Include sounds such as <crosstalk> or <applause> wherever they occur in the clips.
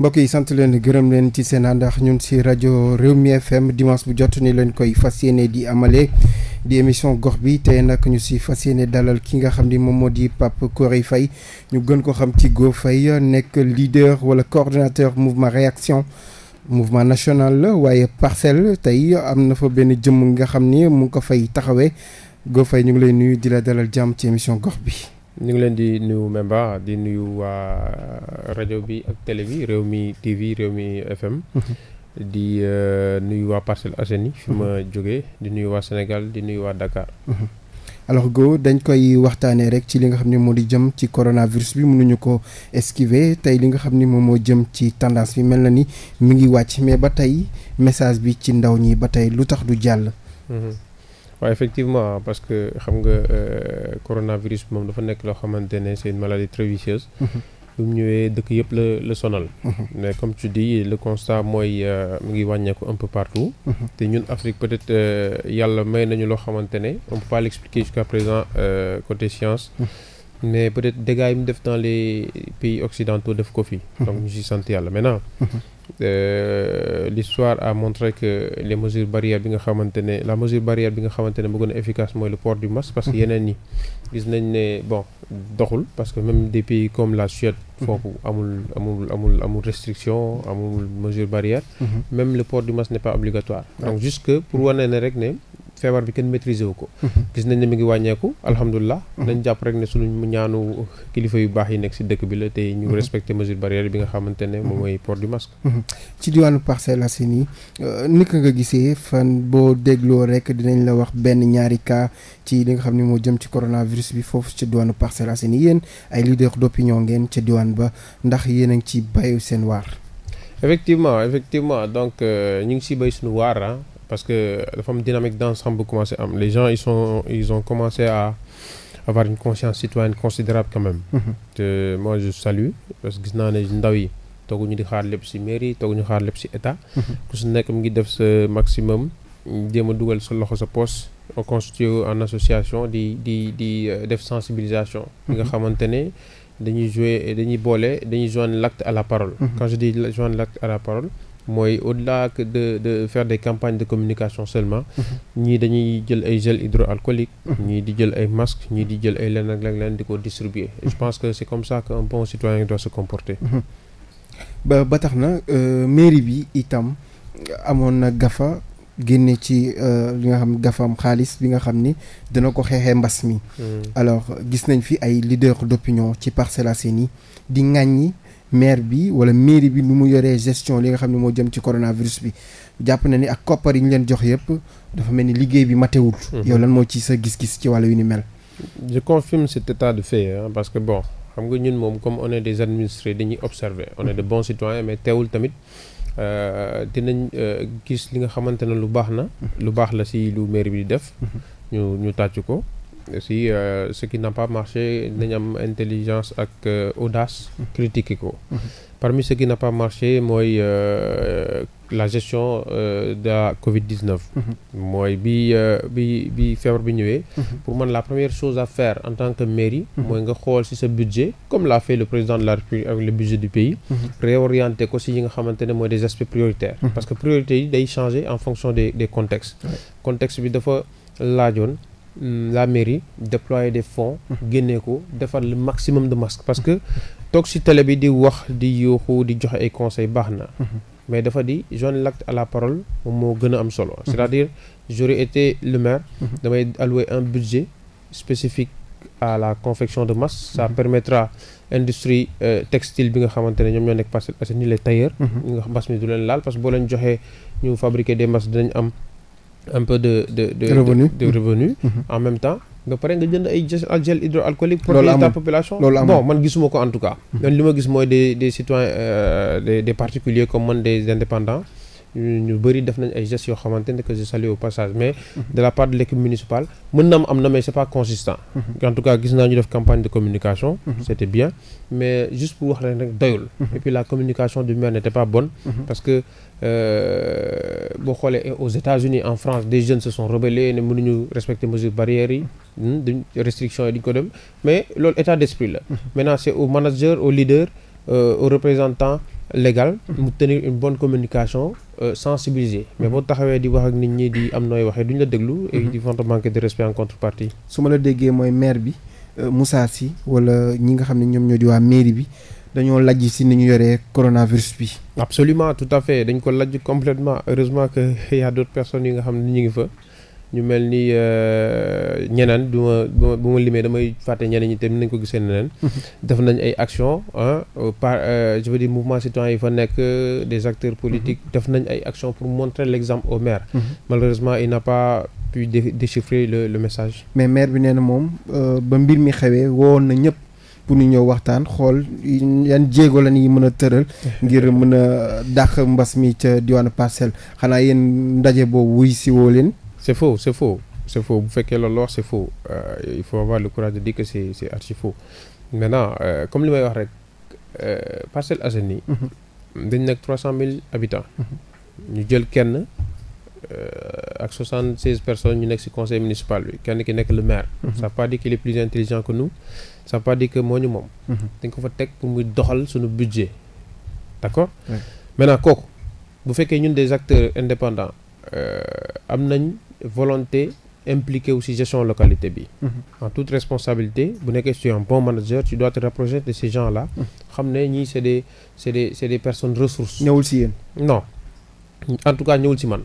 mbokk yi sant leen gërëm leen ci seen ndax ñun si rajo Rewmi FM dimanche bu jot ni leen koy fas yéene di amale di émission gox bi tey nag ñu si fas yéene dalal ki nga xam ni moom moo di Pape Goré Faye ñu gën ko xam ci Go Faye nekk leader wala coordinateur mouvement réaction mouvement national la waaye parcelle tey am na fa benn jëmm nga xam ni mu ngi ko fay taxawee Go Faye ñu ngi lay nuyu di la dalal jàmm ci émission gox bi. ñu ngi leen di nuyu Memba di nuyu waa rajo bi ak télé bi réew mi TV réew mi FM. <laughs> di euh, nuyu waa Parcelles Assainies fi ma mhm. jógee di nuyu waa Sénégal di nuyu waa Dakar. Mhm. alors go dañ koy waxtaanee rek ci li nga xam ne moo di jëm ci coronavirus bi mu mënuñu ko esquiver tey li nga xam ni moom moo jëm ci tendance bi mel na ni mu ngi wàcc mais ba tey message bi ci ndaw ñi ba tey lu tax du jàll. Mhm. waaw effectivement parce que xam nga euh, coronavirus bi moom dafa nekk loo xamante ne c'est une maladie très vicieuse. Mm-hmm. bu mu ñëwee dëkk yëpp la la sonal. Mm-hmm. mais comme tu dis le constat mooy euh, mu ngi wàññeeku un peu partout. Mm-hmm. te ñun Afrique peut-être euh, yàlla may nañu loo xamante ne on peut pas l'expliquer jusqu'à présent euh, côté science. mais peut-être dégâts yi mu def dans les pays occidentaux def ko fi. donc ñu si sant yàlla maintenant. Euh, l'histoire a montré que les mesures barrières bi nga xamante ne la mesure barrière bi nga xamante ne moo gën a efficace mooy le port du masque parce que mhm. yeneen yi gis nañ ne bon doxul parce que même des pays comme la Suède mhm. foofu amul amul amul amul restriction amul mesure barrière mhm. même le port du masque n'est pas obligatoire donc juste que pour wane ne rek feebar bi kenn maîtriser wu ko. Mhm. gis nañ ne mi ngi wàññeeku alhamdulilah. Mhm. nañ jàpp rek ne suñu ñaanu kilifa yu baax yi nekk si dëkk bi la te ñu mhm. respecté mesure barrière bi nga xamante ne mooy port du masque. ci diwaanu Parcelles Assainies euh, naka nga gisee fan boo dégloo rek dinañ la wax benn ñaari cas ci li nga xam ne moo jëm ci coronavirus bi foofu ci diwaanu Parcelles Assainies yéen ay leader d'opinion ngeen ca diwaan ba ndax yéen a ngi ci bayu seen waar. effectivement effectivement donc euh, ñu ngi si bay suñu waar ah. parce que la femme dynamique d'ensemble commencé à les gens ils sont ils ont commencé à avoir une conscience citoyenne considérable quand même mhm. te moi parce que gis naa ne ndaw yi tooguñu di xaar lépp ci mairie tooguñu xaar lépp ci état mhm. ku su nekk mu ngi def sa maximum jéem a dugal sa loxo sa poste constitué en association di di di euh, def sensibilisation li mhm. nga xamante ne dañuy jouer dañuy boole dañuy joindre l'acte à la parole quand je dis joindre l'acte à la parole mooy au-delà que de de campagne de communication seulement. Mm-hmm. ñii dañuy jël ay gel hydroalcoolique. Mm-hmm. ñii di jël ay masques ñii di jël ay lenn ak lenn di ko distribuer. je mm-hmm. pense que c'est comme ça qu'un bon citoyen doit se comporter. ba ba tax na euh, mairie bi itam amoon na gafa génne ci euh, li nga xam gafaam xaalis bi nga xam ni dina ko xeexee mbas mi. Mm. alors gis nañ fi ay leaders d'opinion ci Parcelles Assainies di ŋàññi. maire bi wala mairie bi nu mu yoree gestion li nga xam ne moo jëm ci coronavirus bi jàpp na ni ak koppar yi ñu leen jox yëpp dafa mel ni liggéey bi matewul. Mhm. yow lan moo ci sa gis-gis ci wàllu yu ni mel. je confirme cet état de fait hein, parce que bon xam nga ñun moom comme on des administrés dañuy observer on est de bons citoyens mais teewul tamit. Euh, dinañ euh, gis li nga xamante ne lu baax na. Mhm. lu baax la si lu maire bi di def. Mhm. ñu ñu tàcc ko. si euh, ce qui n'a pas marché nañ am intelligence ak euh, audace critiquer ko parmi ce qui n'a pas marché mooy euh, la gestion euh, de la Covid-19 mooy bi bi bi feebar bi ñëwee pour man la première chose à faire en tant que mairie mooy nga xool ci sa budget comme l'a fait le président de la République avec le budget du pays réorienter ko si yi nga xamante ne mooy des aspects prioritaires parce que priorité yi day changer en fonction de des contextes contexte bi dafa laajoon Mm, la mairie déployer des fonds. Mhm. génnee ko defar le maximum de masques parce que toog ci tele bi di wax di yuuxu di joxe ay conseils baax na. Mhm. mais dafa di joindre l'acte à la parole moom moo gën a am solo. Mhm. c'est-à-dire j'aurais été le maire. damay allouer un budget spécifique à la confection de masques. ça permettra industrie euh, textile bi nga xamante ñoom ñoo nekk parce que ni les tailleurs. ñi nga mbas mi du leen laal parce boo leen joxee ñu fabriquer des masques dinañ am. un peu de de de revenu de, de mm-hmm. mm-hmm. en même temps nga pare nga jënd ay gel hydroalcoolique pour la population bon man gisuma ko en tout cas mm-hmm. man ma gis mooy des des citoyens euh, des des comme man des indépendants ñu bëri def nañ ay gestes xamante ne que je au passage mais de la part de l'équipe municipale mën na am am na mais c'est pas consistant en tout cas gis naa ñu def campagne de communication c'était bien mais juste pour wax leen doyul et Euh, boo xoolee eh, aux États-Unis en France des jeunes se sont rebellés ne mënuñu respecter mesures barrières yi hmm, duñ restrictions yi duñ ko dem mais loolu état d'esprit la mhm. maintenant c'est au manager au leader euh, au représentant légal mu mhm. tenir une bonne communication euh, mais boo mhm. taxawee di wax ak nit ñi di am nooy waxee duñu la déglu et di vont manquer de respect en contrepartie su ma la déggee mooy maire bi euh, Moussa Sy wala ñi nga xam ne ñoom ñoo di waa mairie bi dañoo lajj si ni ñu yore coronavirus bi. absolument tout à fait dañ ko lajj complètement heureusement que <laughs> y a d'autres yi nga xam ne ñu ngi fa ñu mel ni euh, ñeneen du ma bu ma limee damay fàtte ñeneen ñi tamit nañ ko gisee neneen <laughs> def nañ ay actions euh, par euh, je veux dire mouvement citoyen yi fa nekk des acteurs politiques mm-hmm. def nañ ay actions pour montrer l'exemple au maire. Mm-hmm. malheureusement il n'a pas pu déchiffrer le le message. mais maire bi nee na moom ba mbir mi xewee woon na ñëpp. pour ñu ñëw waxtaan xool yan jéego la ñuy mën a tëral ngir mën a dàq mbas mi ca diwaanu parcelle xanaa yéen ndaje boobu wuy si woo leen c'est faux c'est faux bu fekkee loolu wax c'est faux euh, il faut avoir le courage de dire que c'est c'est archi faux maintenant euh, comme li may wax rek euh, Parcelles Assainies mhm. dañ nekk trois cent mille habitants mhm. ñu jël kenn ak soixante seize personnes ñu nekk ci conseil municipal bi kenn ki nekk le maire mhm. ça pas dit qu'il est plus intelligent ça veut pas que moo ñu moom. Mhm. dañ ko fa teg pour muy doxal suñu budget d' accord. Oui. maintenant kooku bu fekkee ñun des acteurs indépendants euh, am nañ volonté impliqué wu si gestion localité bi. Mm -hmm. en toute responsabilité bu nekkee tu es un bon manager tu dois te rapprocher de ces gens là. Mhm. xam ne ñii c' est des c' est des c' personnes ressources. ñëwul si yéen. non en tout cas ñëwul si man.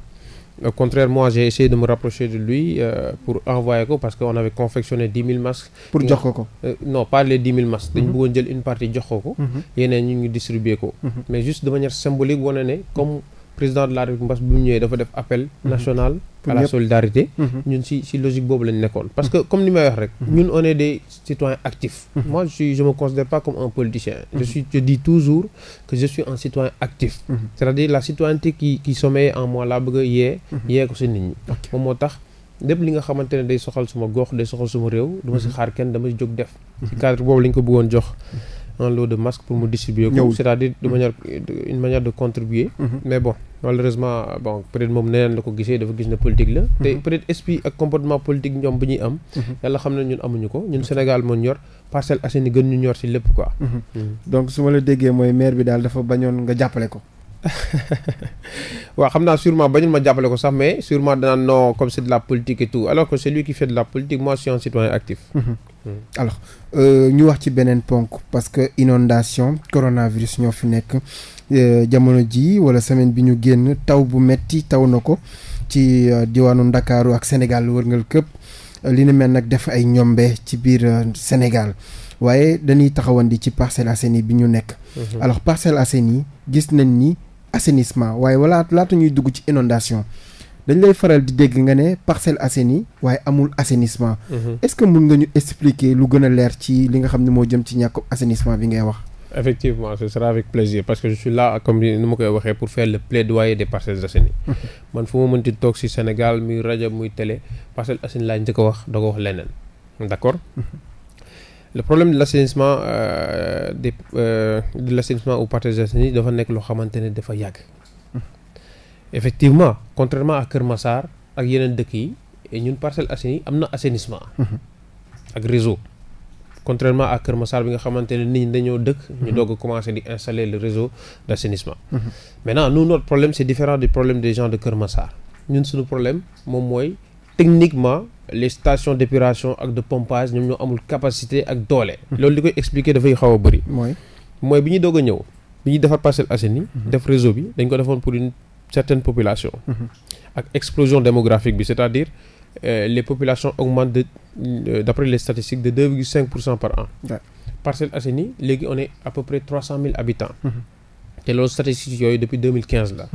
Au contraire, moi, j'ai essayé de rapprocher de lui euh, pour envoyer ko parce qu'on avait confectionné 10 000 masques. pour jox ko ko. Euh, non pas les 10 000 masques. Mhm. jël une partie jox ko ko. Mhm. yeneen ñu ngi distribuer ko. Mhm. mais juste de manière symbolique wane ne comme. président de la République Mbass bu ñëwee dafa def appel mhm. national à la solidarité mhm. ñun si si logique boobu lañ nekkoon parce mhm. que comme ni may wax rek ñun on est des citoyens moi je suis je me considère pas comme un politicien je suis je dis toujours que je suis un citoyen actif c'est-à-dire la citoyenneté qui qui en moi laa bëgg a yee yee ko si nit ñi moom moo tax lépp li nga xamante ne day soxal suma gox day soxal suma réew duma si xaar kenn dama si jóg def si cadre un lot de masques pour mu distribuer ko c'est-à-dire de mmh. manière une manière de contribuer mmh. mais bon malheureusement bon peut moom neneen la ko gisee dafa gis ne politique la mmh. te peut-être ak comportement politique ñoom bi ñuy am yàlla xam ne ñun amuñu ko ñun Sénégal moo ñor Parcelles Assainies gën ñu ñor ci lépp quoi donc su ma la déggee mooy maire bi daal dafa bañoon nga jàppale ko <laughs> waa xam naa sûrement bañul ma jàppale ko sax mais sûrement danaan non comme c'est de la politique et tout alors que c'est lui qui fait de la politique moi je suis mhm. hmm. euh, ñu wax ci beneen ponk parce que inondation coronavirus ñoo fi nekk euh, jamono ji wala semaine bi ñu génn taw bu metti taw na ko ci euh, diwaanu Ndakaaru ak Sénégal wërngal këpp li ni mel nag def ay ñombe ci biir Sénégal waaye dañuy taxawandi ci Parcelles Assainies bi ñu nekk mhm. alors Parcelles Assainies gis nañ ni assainissement waaye wala laata ñuy dugg ci inondation dañ lay faral di dégg nga ne Parcelles asseni waaye amul assainissement. Mhm. est-ce que mun nga ñu expliquer lu gën a leer ci li nga xam ne moo jëm ci ñàkk assainissement bi ngay wax. effectivement ce sera avec plaisir parce que je suis là comme ni ma koy waxee pour faire le plaidoyer des Parcelles Assainies. <laughs> man fu ma mënti toog ci Sénégal muy rajo muy télé Parcelles Assainies laa njëkk ko wax da ko wax leneen d'accord. <laughs> le problème de l' assainissement euh, des euh, de l' assainissement au dafa nekk loo xamante ne dafa yàgg. effectivement contrairement à Kër Massar ak yeneen dëkk yi ñun Parcelles Assainies am na assainissement. Mhm. ak réseau. contrairement à Kër Massar bi nga xamante ne nit ñi dañoo dëkk. ñu mhm. doog a commencé di installer le réseau d' assainissement. Mhm. maintenant nous notre problème c' différent du problème des gens de Kër Massar ñun suñu problème moom mooy techniquement. les stations d'épuration ak de pompage ñoom ñoo amul capacité ak doole. loolu li koy expliquer dafay xaw a bëri. mooy mooy bi ñuy doog a ñëw bi ñuy defar Parcelles Assainies mhm. def réseau bi dañ ko defoon pour une certaine population. Mhm. ak explosion démographique bi c'est-à-dire euh, les populations augmentent de euh, d'après les statistiques de cinq pour cent par an. Ouais. Parcelles léegi on est à peu près cent mille habitants. Mhm. te loolu statistiques yooyu depuis 2015 la.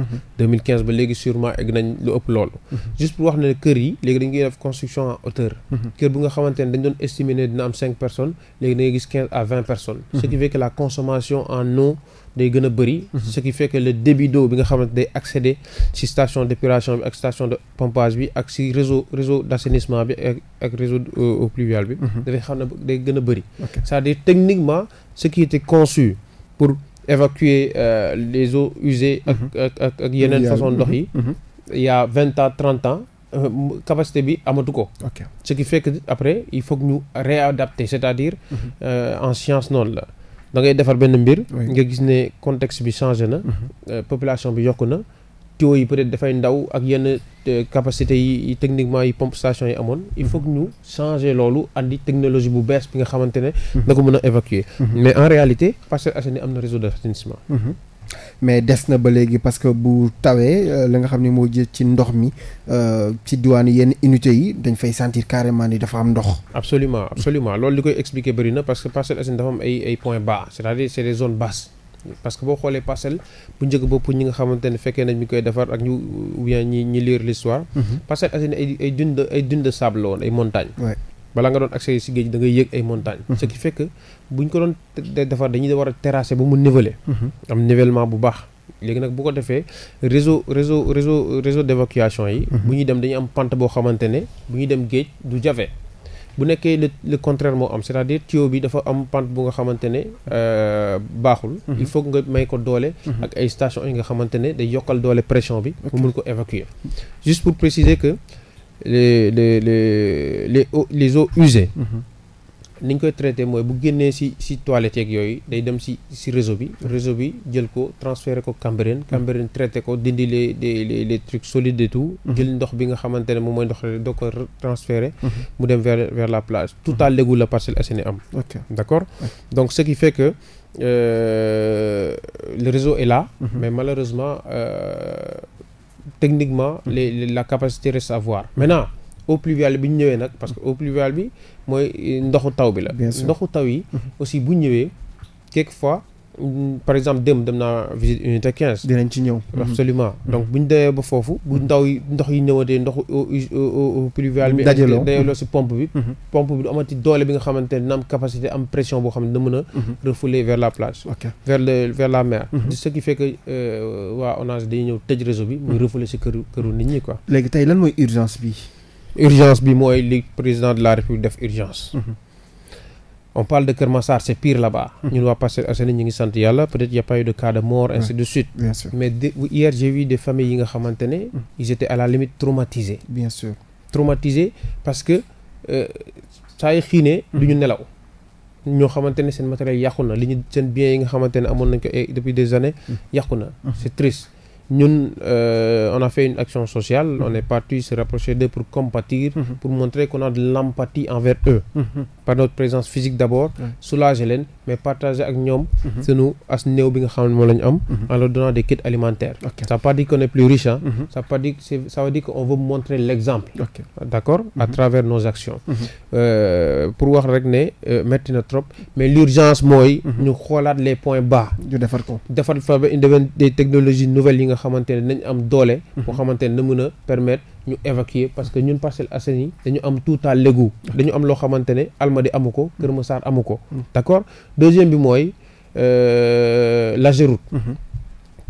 2015 mhm. ba léegi sûrement egg nañ lu ëpp loolu. Mhm. juste pour wax ne kër yi léegi dañu koy def construction en hauteur. Mhm. kër bu nga xamante ne dañ doon estimer ne dina am 5 personnes léegi da ngay gis 15 à 20 personnes. ce qui fait que la consommation en eau day gën a bëri. ce qui fait que le débit d'eau bi nga xamante day accéder ci station d'épuration bi ak station de pompage bi ak ci réseau réseau d'assainissement bi ak ak réseau euh, eau pluviale bi. dafay xam ne day gën a bëri. c'est-à-dire techniquement ce qui était conçu pour. évacuer euh, les eaux usées. ak mhm. ak ak yeneen façon ndox yi. Mhm. Mhm. il vingt ans trente ans. Euh, capacité bi amatu ko. ce qui fait après il faut que ñu réadapter c'est-à-dire. Euh, en science noonu la. dangay defar benn mbir. nga gis ne contexte bi changé na. Euh, population bi yokku na. tuyaux yi peut dafay ndaw ak yenn capacité yi techniquement yi pompe station yi amoon il faut que ñu changer loolu andi technologie bu bees bi nga xamante ne na mhm. ko mën a évacuer mhm. mais en réalité Parcelles Assainies am na réseau d'assainissement mhm. mais des bu tawee euh, la nga moo jël ci ndox mi euh, ni dafa am ndox. absolument absolument loolu li koy expliquer bëri na parce que dafa am ay ay bas c'est-à-dire c'est parce que boo xoolee parcelle bu njëkk bopp ñi nga xamante fekkee nañ mi koy defar ak ñu ou ñi ñi lire l'histoire mhm. Parcelles Assainies ay ay dune ay dune de sable woon ay montagne balaa nga doon accès si géej da ngay yëg ay montagne mhm. ce qui fait que buñ ko doon defar dañuy war a terrasser ba mu niveler mhm. am nivellement bu baax léegi nag bu ko defee réseau réseau réseau réseau d'évacuation yi bu ñuy dem dañu am pente boo xamante ne bu ñu dem géej du jafe bu nekkee le le contraire moo am cest à bi dafa am pente bu nga xamante ne euh, baaxul mhm. il faut nga may ko doole mhm. ak ay station yi nga xamante ne day yokkal doole pression bi mu mun ko évacuer juste pour préciser que les les les les eaux, les eaux use mhm. niñ koy traité mooy bu génnee si si toilette yeeg yooyu day dem si si réseau bi réseau bi jël ko transféré ko Cambérène mm. cambrin traité ko dindi les les les trucs solides tout mm-hmm. jël ndox bi nga xamante ne moom mooy ndox doo ko transféré mm-hmm. mu dem vers vers la plage tout à mm-hmm. l'égout la Parcelles Assainies am d'accord donc ce qui fait que euh, le réseau est la mais malheureusement euh, techniquement mm. les, la capacité reste à voir eaux pluviales bi ñu ñëwee nag parce que eau pluviale bi mooy ndoxu taw bi la. ndoxu taw yi. Mhm. aussi bu ñëwee fois par exemple dem dem naa visite unité 15. dinañ ci ñëw. Mhm. absolument mhm. donc bu ñu demee ba foofu. bu ndaw yi ndox yi ñëwatee ndoxu eau pluviale bi. dajaloo dajaloo si pompe bi. pompe bi du amati doole bi nga xamante ne dina am capacité am pression boo xam ne dina mën a. refouler vers la plage. la mer. ce qui fait que euh, ñëw tëj réseau bi. muy refouler si këru këru nit ñi quoi. léegi tey lan mooy urgence bi. urgence bi mooy li président de la république def urgence. Mm-hmm. on parle de Kër Massar c'est pire là baax mm-hmm. ñun waa Parcelles Assainies ñu ngi sant yàlla peut-être y a pas eu de cas de mort ainsi de suite. bien sûr mais de hier j'ai vu des familles yi nga xamante ne. Mm-hmm. ils étaient la limite traumatisés. bien sûr traumatisés parce que euh, saa yu xiinee. du ñu nelaw. ñoo xamante ne seen matériel yàqu na li ñu seen biens yi nga xamante ne amoon nañ ko eh, depuis des années. yàqu na c'est triste. ñun euh, on a fait une action sociale mm-hmm. on est parti se rapprocher d'eux pour compatir mm-hmm. pour montrer qu'on a de l'empathie envers eux mm-hmm. par notre présence physique d'abord soulager leen mais partager ak ñoom mhm. sunu as néew bi nga xam ne moom la ñu am mhm. en leur donnant des kits alimentaires okay. ça veut pas dire qu'on est plus riche hein mhm. ça veut pas dire ça veut dire qu'on veut montrer euh, pour wax rek ne euh, metti na trop mais l'urgence mooy ñu xoolaat les points ba ñu defar ko defar fa ba indi de technologies nouvelles yi nga xamante ne nañ am doole boo xamante ne na mën a permettre ñu évacuer parce que ñun Parcelles Assainies dañu am tout à l'égout dañu am loo xamante ne alma di amu ko Kër saar amu ko mm. d'accord deuxième bi mooy euh, la Géroute mm-hmm.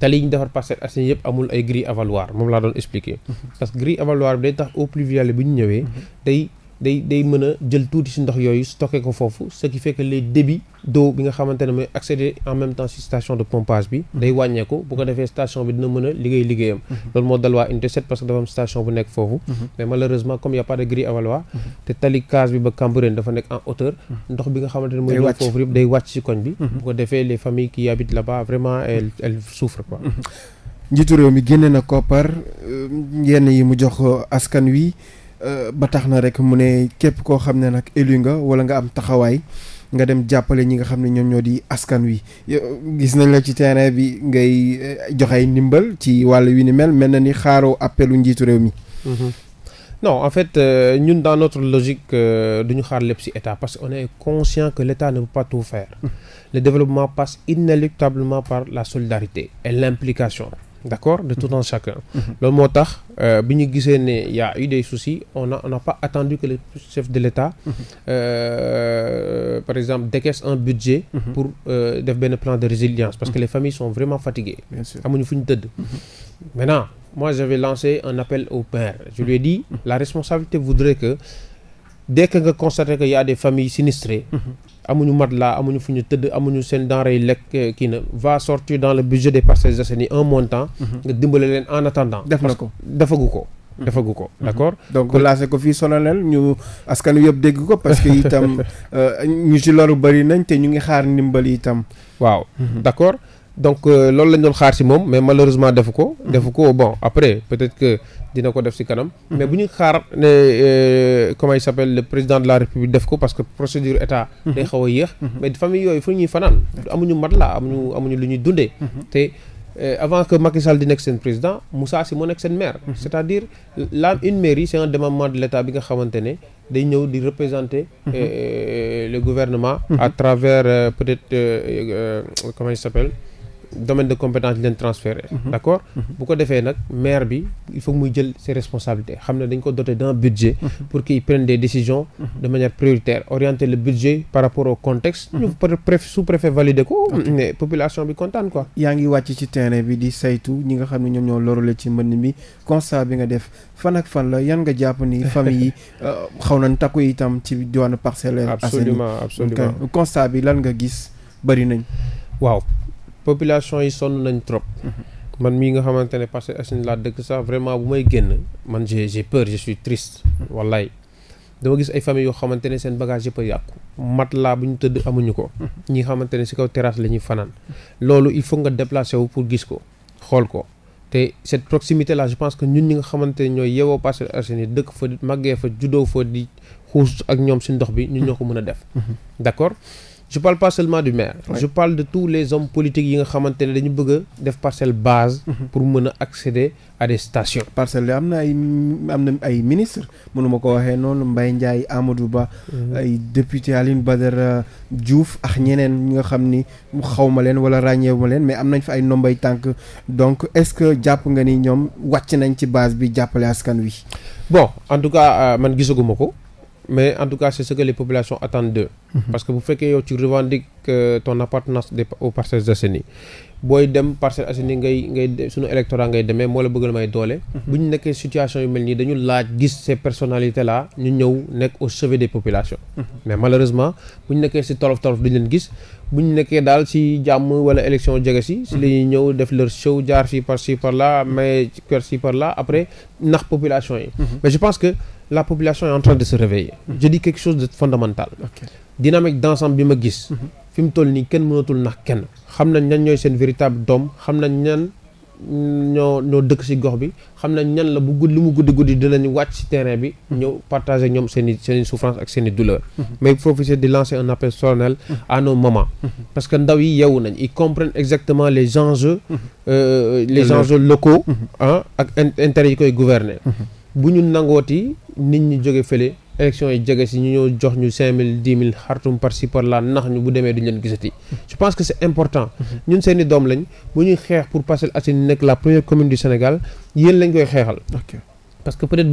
tali yi ñu defar Parcelles Assainies yëpp amul ay grille avaloir moom laa doon expliquer mm-hmm. parce que grille avaloir bi day tax eaux pluviales bi ñu ñëwee mm-hmm. day day mën a jël tuuti si ndox yooyu stocké ko foofu ce qui fait que les débits d'eau bi nga xamante ne mooy accéder en même temps si station de pompage bi mhm. day wàññeeku bu ko defee station bi dina mën a liggéey liggéeyam mhm. loolu moo dal waa unité 7 parce que dafa am station bu nekk foofu mhm. mais malheureusement comme y pas de grille avaloir te tali case bi ba Cambérène dafa nekk en hauteur ndox bi nga xamante ne mooy ñëw foofu yëpp day wàcc si koñ bi bu ko defee euh, yi mu wi Euh, ba tax na rek mu ne képp koo xam ne nag élu nga wala nga am taxawaay nga dem jàppale ñi nga xam ne ñoom ñoo di askan wi gis nañ la ci terrain bi ngay eh, joxe ndimbal ci wàll wi ni mel mel na ni xaaroo appelu njiitu réew mi. Mm-hmm. non en fait euh, ñun euh, dans notre logique euh, duñu xaar lépp ci état parce qu'on est conscient que l'état ne peut pas tout faire. Mm. le développement passe inéluctablement par la solidarité et l'implication. d'accord de tout mm-hmm. un chacun mm-hmm. loolu moo tax euh, bi ñu gisee ne y a des soucis on a on n'a pas attendu que le chef de l'État mm-hmm. euh, par exemple décaisse un budget pour euh, def benn plan de résilience parce que les familles sont vraiment fatiguées amuñu fu ñu tëdd maintenant moi j'avais lancé un appel au père je lui ai dit la responsabilité voudrait que dès que nga constater que y des familles sinistrées amuñu matelas amuñu fu ñu tëdd amuñu seen denrée yi lekk euh, kii na va sortir dans le budget des Parcelles Assainies un montant mhm. nga dimbale leen en attendant def na ko defagu ko mhm. defagu ko mhm. d'accord donc laase ko fii solo leen ñu askan yëpp dégg ko parce que itam <laughs> euh, ñu ci loru bari nañ te ñu ngi xaar ndimbal itam waaw d'accord donc euh, loolu lañ doon xaar si moom mais malheureusement defu ko. defu ko bon après peut-être que dina ko def si kanam. Hmm. mais bu ñu xaar ne euh, comment il s'appelle le président de la république def ko parce que procédure état. Hmm. day xaw a yéex. Hmm. mais famille yooyu fu ñuy fanaan. amuñu mat la amuñu amuñu lu ñuy dundee. te euh, avant que Macky Sall di nekk seen président Moussa Sy moo nekk seen maire. c'est-à-dire la une mairie c'est un démembrement de l'état bi nga xamante ne. day ñëw di représenter le gouvernement. à travers peut-être comment il s'appelle domaine de compétence leen transféré mhm. d' accord mhm. bu ko defee nag maire bi il faut muy jël ses responsabilités xam ne dañ ko doté d'un budget mhm. pour qu'il prenne des décisions de manière prioritaire orienter le budget par rapport au contexte ñu sous préfet validé ko population bi kontaan ko yaa ngi wàcc ci terrain bi di saytu ñi nga xam ne ñoom ñoo lorule ci mbënn mi constat bi nga def fan ak fan la yan nga jàpp ni <laughs> famille yi euh, xaw nañ takku itam ci diwaanu Parcelles Assainies absolument absolument constat bi lan nga gis bëri nañ waaw population yi sonn nañ trop. man mii nga xamante ne parce que Assainies laa dëkk sax vraiment bu may génn man j'ai j'ai peur je suis triste. wallaay dama gis ay famille yoo xamante ne seen bagage yëpp a yàqu. matelas bu ñu tëdd amuñu ko. ñi xamante ne ci kaw terrasse la ñuy fanaan. loolu il faut nga déplacer wu pour gis ko xool ko. te cette proximité là je pense que ñun ñi nga xamante ne ñooy yeewoo Parcelles Assainies dëkk fa màggee fa juddoo fa di xuus ak ñoom ci ndox bi ñun ñoo ko mën a def mhm. d'accord je parle pas seulement du maire oui. je de tous les hommes politiques yi nga xamante ne dañu bëgg a def parcelle base mhm. pour mën a accéder à des stations parcelle am na ay am na ay ministre mënuma ko waxee noonu mbay Ndiaye Amadou Ba mhm. ay député Aline Badara juuf ak ñeneen ñi nga xam ni xawma leen wala ràññeewuma leen mais am nañ fa ay nombay tànk donc est-ce que jàpp nga ni ñoom wàcc nañ ci base bi jàppale askan wi bon en tout cas euh, man gisaguma ko mais en tout cas c'est ce que les populations attendent mm-hmm. parce que bu fekkee yow tu revendiques ton appartenance des aux Parcelles Assainies booy dem Parcelles Assainies ngay ngay suñu électorat ngay demee moo la bëggal may doole. Mhm. bu ñu nekkee situation yu mel nii dañu laaj gis ces personalité la ñu ñëw nekk au chevet des population mhm. mais malheureusement bu ñu nekkee si tolof tolof duñ leen gis bu ñu nekkee daal si jàmm wala élection jege si. si mhm. la ñuy ñëw def leur show jaar fii par ci par là mais kër ci par là après nax population yi. mais je pense que la population est en train de se réveiller. je dis quelque bi ma gis. fi mu toll nii kenn mënatul nax kenn. xam nañ ñan ñooy seen véritable doom xam nañ ñan ñoo ñoo dëkk ci gox bi xam nañ ñan la bu gudd lu mu guddi guddi dinañ wàcc ci terrain bi. Hmm. ñëw partager ñoom seen i seen i souffrance ak seen i douleur. Hmm. mais professeur di lancer un appel solennel hmm. à nos mamans. parce que ndaw yi yeewu nañ ils comprennent exactement les enjeux. Euh, les enjeux locaux. ah ak intérêt yi koy gouverner. bu ñu nangooti nit ñi jóge fële. élection yi jege si ñu ñëw jox ñu cinq mille dix mille xartum par ci nax ñu bu demee duñ leen gisati. je pense que c'est important. ñun seen doom lañ bu ñuy xeex pour Parcelles Assainies nekk la première commune Sénégal yéen lañ koy xeexal. parce mais bu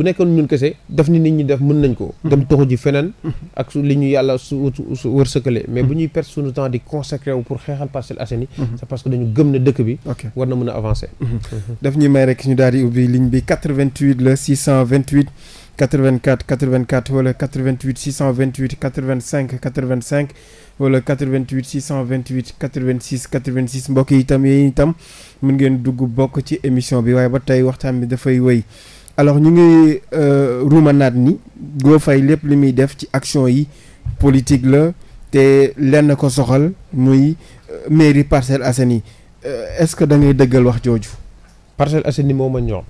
ñuy perdre temps di consacré pour xeexal Parcelles Assainies. Mhm. c'est parce que dañu gëm ne dëkk bi. war na mën a avancer. Mhm. daf ñuy may rek ñu daal ubbi ligne bi 88 la 628. 84 84 wala 88 628 85 85 wala 88 628 86 86 mbokk yi itam yéen itam mën ngeen dugg bokk ci émission bi waaye ba tey waxtaan bi dafay wéy alors ñu ngi euh, ruumanaat ni goo Faye lépp li muy def ci action yi politique la te lenn ko soxal muy euh, mairie parcelle Assainies yi euh, est-ce que da ngay dëggal wax jooju. Parcelles Assainies moo ma ñoom.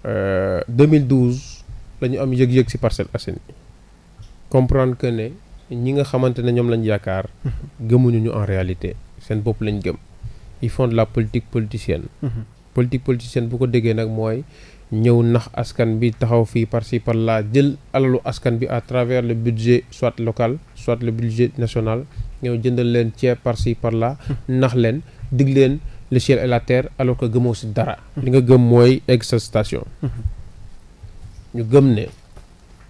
2012 euh, la ñu am yëg-yëg ci Parcelles Assainies comprendre que ne ñi nga xamante ne ñoom lañ yaakaar mhm. gëmuñu ñu en réalité seen bopp lañ gëm ils font de la politique politicienne mhm. politique politicienne bu ko déggee nag mooy ñëw nax askan bi taxaw fii par ci par la jël alalu askan bi à travers le budget soit local soit le budget national ñëw jëndal leen ceeb par ci par la mhm. nax leen dig le ciel et la terre alors que gëmoo si dara. li nga gëm mooy egg sa station. ñu gëm ne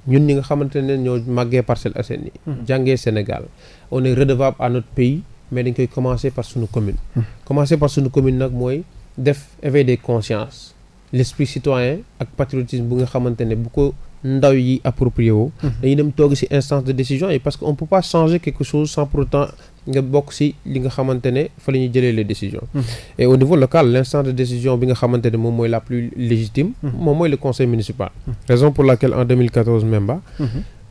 ñun ñi nga xamante ne ñoo màggee Parcelles Assainies yi. Hmm. jàngee Sénégal on est redevable à notre pays mais dañ koy commencer par suñu commune. Hmm. commencer par suñu commune nag mooy def éveil des consciences l'esprit citoyen ak patriotisme bu nga xamante bu ko. ndaw yi approprié woo dañuy dem toog ci instance de décision parce que on peut pas changer quelque chose sans pour autant nga bokk ci li nga xamante ne fa la jëlee les décisions hmm. et au niveau local l'instance de décision bi nga xamante ne moom mooy la plus légitime hmm. moom mooy le conseil municipal hmm. raison pour laquelle en 2014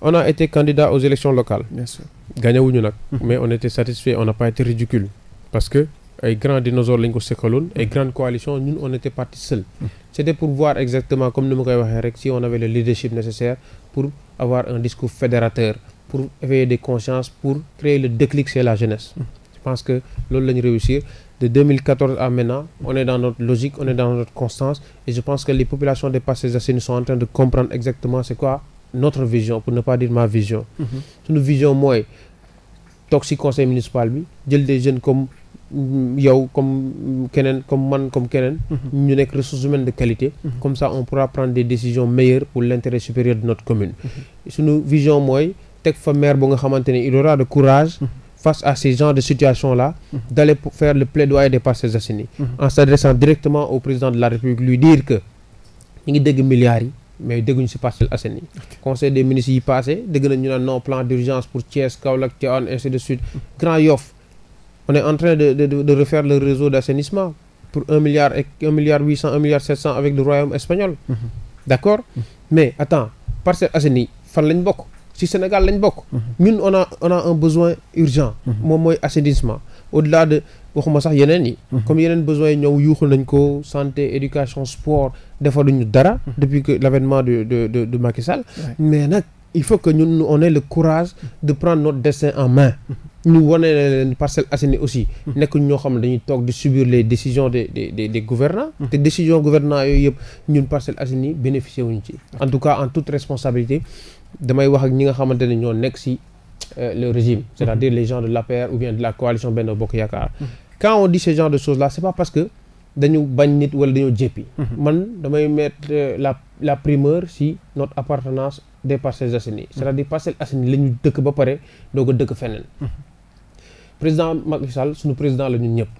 on a été candidat aux élections locales bien nag mais on était satisfait on n'a pas été ridicule parce que ay grands dinosaures lañ ko sekkaloon ay mm-hmm. grandes coalitions ñun on était parti seul mm-hmm. c'était pour voir exactement comme ni ma koy waxee rek si on avait le leadership nécessaire pour avoir un discours fédérateur pour éveiller des consciences pour créer le déclic chez la jeunesse mm-hmm. je pense que loolu la ñu réussir de à maintenant on est dans notre logique on est dans notre constance et je pense que les populations de Parcelles Assainies sont en train de comprendre yow comme keneen comme man comme keneen mhm. ñu nekk ressources humaines de qualité mhm. comme ça on pourra prendre des décisions meilleures pour l'intérêt supérieur de notre commune mhm. suñu vision mooy teg fa maire bu nga xamante ni il aura de courage face à ces genres de situation là d'aller faire le plaidoyer des Parcelles Assainies en s'adressant directement au président de la République lui dire que ñu ngi dégg milliards yi mais dégguñu ci Parcelles Assainies yi conseil des ministres yi passé dégg nañ ñu naan non plan d'urgence on est en train de de de refaire le réseau d'assainissement pour un milliard et un milliard huit cent un milliard sept cent avec le royaume espagnol. Mm-hmm. d'accord mm -hmm. mais attends Parcelles fan lañ bokk ci Sénégal lañ bokk. Mm-hmm. ñun on a un besoin urgent. Mm-hmm. moom mooy assainissement au-delà de waxuma sax yeneen yi. comme yeneen besoins yi ñoom yuuxul nañ ko santé éducation sport defaluñu dara. depuis que l'avènement de de de de Macky Sall. mais nag il faut que ñun on ait le courage de prendre notre destin en ñu wane leen Parcelles Assainies aussi. nekkul ñoo xam ne dañuy toog di subir les décision des des des, des mmh. te décision gouvernants yooyu yëpp ñun Parcelles Assainies bénéficié wuñu ci. en tout cas en toute responsabilité damay wax ak ñi nga xamante ne ñoo nekk si euh, le régime. Mmh. c'est-à-dire les gens de l'APR ou bien de la coalition Benno Bokk Yaakaar. Mmh. quand on dit ce genre de choses là c'est pas parce que dañu bañ nit wala dañoo jéppi. man damay mettre euh, la la primeur si notre appartenance des Parcelles Assainies. c'est-à-dire Parcelles la ñu dëkk ba pare doo ko dëkk feneen. président Macky Sall suñu président la ñun ñëpp.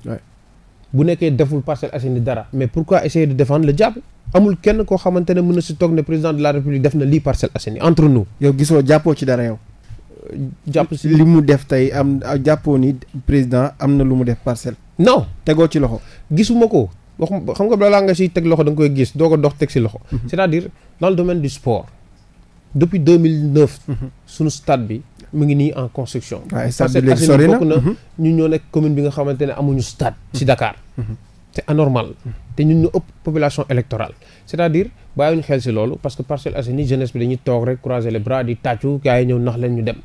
bu nekkee deful Parcelles Assainies dara. mais pourquoi essayer de défendre le diable. amul kenn koo xamante ne mën na si toog ne président de la république def na lii Parcelles Assainies entre nous. yow gisoo jàppoo ci dara yow. Euh, jàpp si li mu def tey am jàppoo ni président am na lu mu def parcelle. non tegoo ci loxo. gisuma ko wax xam nga balaa nga siy teg loxo da nga koy gis doo ko dox teg si loxo. Mhm. c'est-à-dire dans le domaine du sport. depuis 2009. Mhm. sunu stade bi mu ngi nii en construction. parce que Assainies bokk mhm. ñu ñoo nekk commune bi nga xamante ne amuñu stade. Mhm. ci Dakar. Mhm. c'est anormal. te ñun ñu ëpp population électorale. c'est-à-dire bàyyiwuñu xel si loolu parce que Parcelles Assainies jeunesse bi dañuy toog rek croiser les bras di tàccu gars yi ñëw nax leen ñu dem.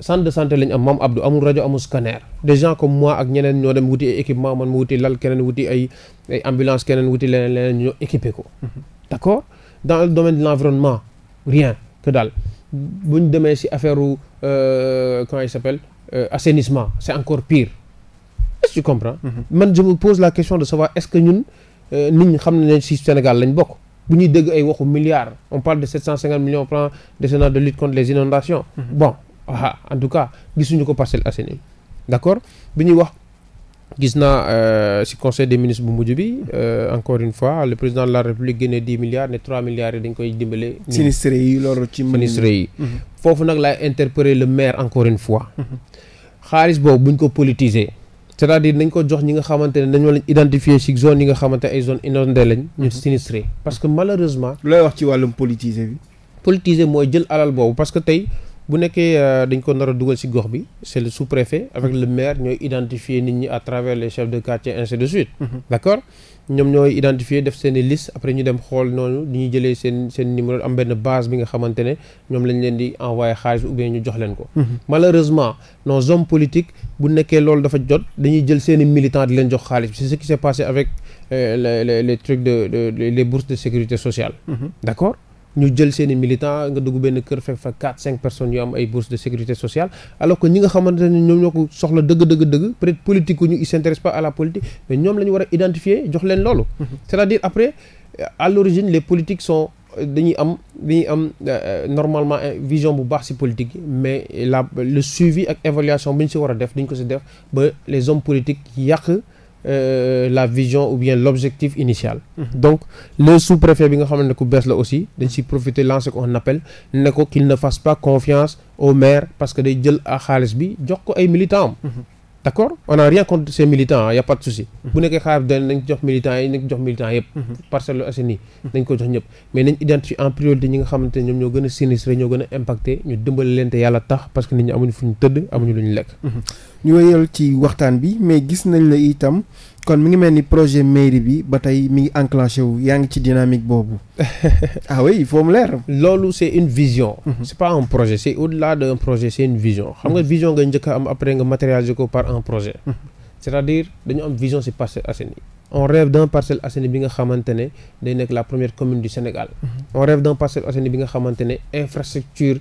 centre de santé lañ am maam Abdou amul rajo amul scanner des gens comme moi ak ñeneen ñoo dem wuti ay équipement man ma wuti lal keneen wuti ay ay ambulance keneen wuti leneen leneen ñu ko. d'accord dans le domaine de l'environnement rien que daal. bu ñu demee si affaire u euh, comment il s'appelle euh, assainissement c'est encore pire est-ce que tu comprends mm-hmm. man je me pose la question de savoir est-ce que ñun euh, nit ñi xam nañ si Sénégal lañ bokk bu ñuy dégg ay waxu milliards on parle de 750 millions plan décennal de lutte contre les inondations mm-hmm. bon ah en tout cas gisuñu ko Parcelles Assainies d'accord bi ñuy wax gis naa ci euh, conseil des ministres bu mujj bi euh, encore une fois le président de la république génne dix milliards ne trois milliards dañ koy dimbale. sinistre yi loolu ci. sinistre yi. Mhm. foofu nag laay interpeller le maire encore une fois. Mhm. xaalis boobu buñ ko politiser. c'est-à-dire nañ ko jox ñi nga xamante ne dañoo lañ identifier ci zone yi nga xamante ay zone inondée lañ. ñu mhm. sinistré parce que malheureusement. looy wax ci wàllum politiser bi. politiser mooy jël alal boobu parce que tey. bu nekkee euh, dañ ko nar a dugal ci gox bi c'est le sous-préfet avec le maire ñooy identifier nit ñi à travers les chefs de quartier ainsi de suite mhm. d'accord ñoom ñooy identifier def seen i liste après ñu dem xool noonu ñuy jëlee seen seen numéro am benn base bi nga xamante ne ñoom lañu leen di envoyé xaalis ou bien ñu jox leen ko. Mhm. malheureusement nos zome politique bu nekkee loolu dafa jot dañuy jël seen i militants di leen jox xaalis c'est ce qui s'est passé avec euh, les les trucs les bourses sécurité sociale. Mhm. d'accord. ñu jël seen i militants nga dugg benn kër fekk fa 4 5 personnes yu am ay bourse de sécurité sociale alors que ñi nga xamante ne ñoom ñoo ko soxla dëgg dëgg dëgg peut-être politique ñu ils s'intéressent pas à la politique mais ñoom la war a identifier jox leen loolu. Mhm. c'est-à-dire après à l'origine les politiques son dañuy am dañuy am euh, euh, normalement vision bu baax ci politique yi mais la le suivi ak évaluation bi ñu si war a def dañ ko si def ba les hommes politiques yàq euh, la vision ou bien l'objectif initial mm-hmm. donc le sous-préfet bi nga xamante ne ku bees la aussi dañ si profiter lancer ko un appel ne ko qu'il ne fasse pas confiance au maire parce que day jël à xaalis bi jox ko ay militants d' accord on a rien contre ces militants y' a mhm. bu nekkee xaar doon nañ jox militants yi nañ jox militants yëpp. Mhm. Parcelles Assainies nañ ko jox ñëpp. mais nañ identifier en priorité ñi nga xamante ñoom ñoo gën a ñoo gën a ñu dimbali leen te yàlla tax parce nit ñi amuñu fu ñu tëdd amuñu lu ñu lekk. Mhm. ñu wéyal ci waxtaan bi mais gis nañ la itam. kon mi ngi mel ni projet mairie bi ba tey mi ngi enclenché wu yaa ngi ci dynamique boobu. <laughs> ah oui il faut mu loolu c' une vision. Mm -hmm. c' est pas un projet c' est au delà de un projet c' une vision. xam mm nga mhm. vision nga njëkk a am après nga matérialiser ko par un projet. Mm -hmm. à dire dañu am vision si Parcelles Assainies on rêve d' un Parcelles bi nga xamante ne day nekk la première commune du Sénégal. Mhm. on rêve d' un Parcelles bi nga xamante ne infrastructure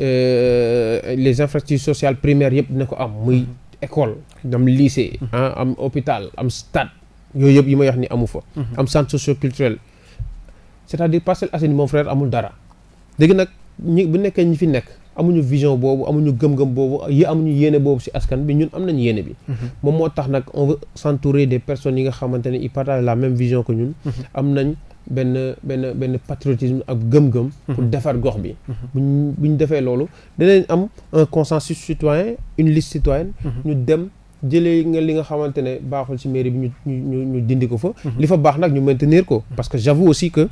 euh, les infrastructures sociales primaires yëpp dina ko am muy. Mhm. école dem lycée ah am hôpital am stade yooyu yëpp yi may wax ni amu fa mhm. am centre socioculturel c'est-à-dire Parcelles Assainies mon frère amul dara léegi nag bu nekkee ñi fi nekk amuñu vision boobu amuñu gëm-gëm boobu yi amuñu yéene boobu si askan bi ñun am nañu yéene bi mhm. moom moo tax nag on veut s'entourer des personnes yi nga xamante ne ils la même vision que ñun mhm. am nañ benn benn benn patriotisme ak gëm-gëm. pour mhm. defar gox bi. Mhm. bu ñu defee loolu danañ am un consensus citoyen une liste citoyenne. Mhm. ñu dem jëlee li nga xamante ne baaxul ci mairie bi ñu ñu ñu dindi ko fa. li fa baax nag ñu maintenir ko. parce que j'avoue aussi que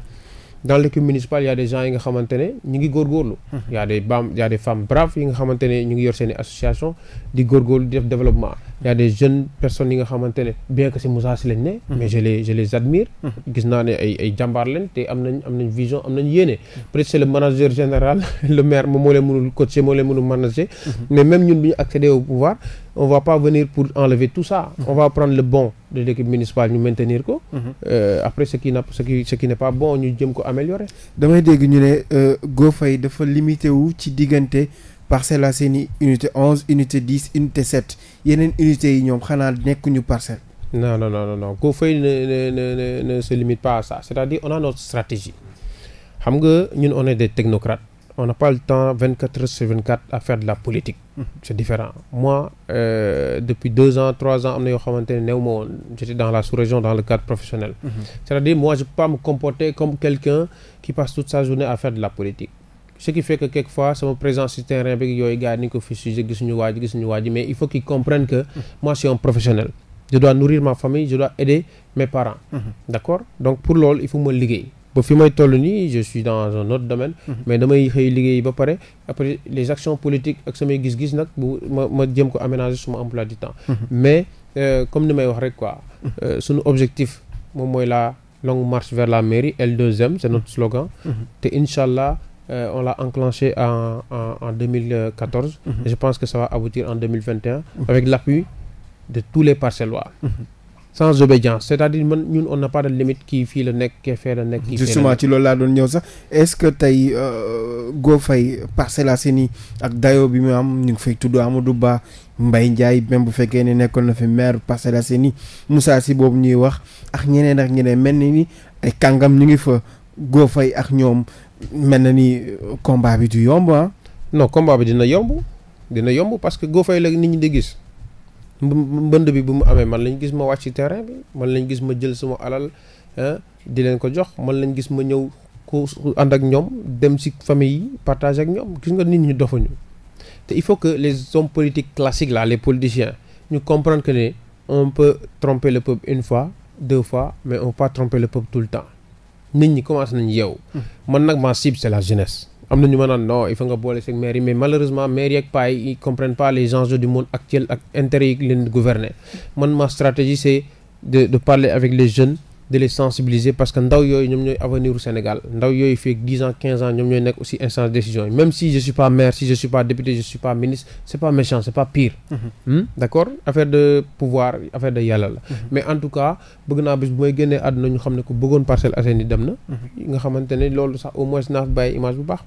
dans l'équipe municipale y a des yi nga xamante ne ñu ngi góorgóorlu. y a des bam y a des femmes yi nga xamante ne ñu ngi yor seen i association di góorgóorlu di def développement. y a des jeunes personnes yi nga xamante ne bien que si Moussa si lañ ne mhm. mais je les je les admire mhm. gis naa ne te am nañ am vision am nañ yéene peut c'est le manager général <laughs> le maire moo leen mënul coacher moo leen mënul manager mhm. mais même ñun bu accéder au pouvoir on va pas venir pour enlever tout ça on va prendre le bon de l'équipe municipale ñu maintenir ko euh, après ce qui n'a pas bon ñu jëm ko améliorer damay dégg ñu ne euh, Go Faye dafa limité ci diggante Parcelles Assainies unité 11 unité 10 unité 7 yeneen unité yi ñoom xanaa nekkuñu parcelle. non non non non Gofay ne ne ne ne se limite pas à ça c'est-à-dire on a notre stratégie xam nga ñun on est des technocrates. on n'a pas le temps 24 heures sur 24 à faire de la politique. Mhm. c'est différent moi euh, depuis deux ans trois ans am na yoo xamante ne néew ma woon j'étais dans la sous-région dans le cadre professionnel. Mhm. c'est-à-dire moi je pas me comporter comme quelqu'un qui passe toute sa journée ce qui fait que quelquefois sama présence sur terrain bi yooyu gars yi ni ko fustigé gisuñu waa ji gisuñu waa ji mais il faut qu'ils comprennent que moi je suis professionnel je dois nourrir ma famille je dois aider mes parents mm-hmm. d'accord donc pour loolu il faut ma liggéey ba fi may toll nii je suis dans un autre domaine mm-hmm. mais damay xëy liggéey ba pare après les actions politiques ak samay gis-gis nag bu ma ma jëm ko aménager suma emploi du temps mm-hmm. mais euh, comme ni may wax rek quoi euh, sunu objectif moom mooy la longue marche vers la mairie L2M c'est notre slogan te euh, on l'a enclenché en, en, deux mille Mm je pense que ça va aboutir en 2021. Mm -hmm. avec l'appui de tous les parcellois. Mhm. sans obédience c'est-à-dire man ñun on n'a pas de limite kii fii la nekk kii fee la nekk. kii justement ci loolu laa doon ñëw sax est-ce que tey euh, Go Faye Parcelles Assainies ak dayo bi mu am ñu ngi fay tudd Amadou Ba Mbaye Ndiaye même bu fekkee ne nekkoon na fi maire Parcelles Assainies Moussa Sy boobu ñuy wax ak ñeneen ak ñeneen mel ni ni ay kàngam ñu ngi fa Go Faye ak ñoom mel na ni euh, combat bi du yomb ah. no combat bi dina yomb dina yomb parce que Go Faye la nit ñi di gis mbënd bi bu mu amee man lañ gis ma wàcc terrain bi man lañ gis ma jël sama alal di leen ko jox man lañ gis ma ñëw ku ànd ak ñoom dem ci famille yi partage ak ñoom gis nga nit ñi dofuñu te il faut que les hommes politiques classiques là les politiciens ñu comprendre que ne on peut tromper le peuple une fois deux fois mais on peut pas tromper le peuple tout le nit ñi commencé nañu yeewu. man nag ma cible c'est la jeunesse. am na ñu ma naan non il faut nga boole seen maire yi mais malheureusement maire yeeg paa yi ils comprennent pas les enjeux du monde actuel ak intérêt yi leen gouverner man ma stratégie c'est de de parler avec les jeunes. de les sensibiliser parce que ndaw yooyu ñoom ñooy avenir Sénégal ndaw yooyu fii 10 ans 15 ans ñoom ñooy nekk aussi instance décision yi même si je suis pas maire si je suis pas député je suis pas ministre c'est pas méchant c'est pas pire mm-hmm. hmm? d'accord affaire de pouvoir affaire de yàlla la mm-hmm. mais en tout cas bëgg naa bis bu may génnee àdduna ñu xam ne ku bëggoon Parcelles Assainies dem na mm-hmm. nga xamante loolu sax au moins naa bàyyi image bu baax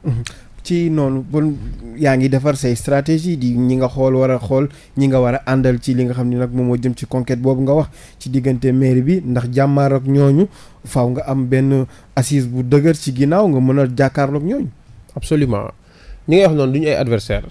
ci noonu bon yaa ngi defar say stratégie di ñi nga xool war a xool ñi nga war a àndal ci li nga xam ni nag moom moo jëm ci conquête boobu nga wax ci diggante mairie bi ndax jàmmaar ak ñooñu faw nga am benn assise bu dëgër ci ginnaaw nga mën a jàkkaarloog ñooñu absolument ñi ngay wax noonu du ñu ay adversaire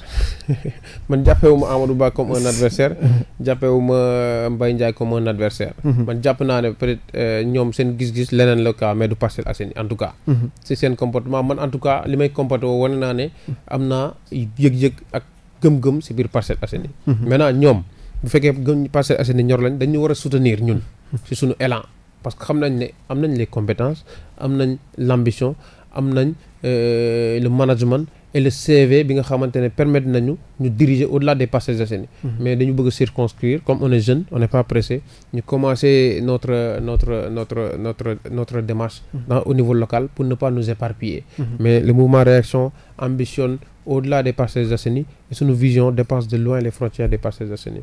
<laughs> man jàppewu ma Amadou Ba comme un adversaire jàppewu ma Mbaye Ndiaye comme un adversaire mhm. man jàpp naa ne peut-être euh, ñoom seen gis-gis leneen la quoi mais du Parcelles Assainies en tout cas mhm. si seen comportement man en tout cas li may comporté woo wane naa ne am na yëg-yëg ak gëm-gëm si biir Parcelles Assainies mhm. maintenant ñoom bu fekkee gën gëm Parcelles Assainies ñor lañ dañu war a soutenir ñun si suñu élan parce que xam nañ ne am nañ les compétences am nañ l'ambition am nañ euh, le management et le CV bi nga xamante ne permettre nañu diriger au-delà des Parcelles Assainies mhm. mais dañu bëgg a circonscrire comme on est jeune on n'est pas pressé ñu commencer notre notre notre notre notre démarche mhm. dans, au niveau local pour ne pas nous éparpiller mhm. mais le mouvement Réaction ambitionne au-delà des Parcelles Assainies et sunu vision dépasse de loin les frontières des Parcelles Assainies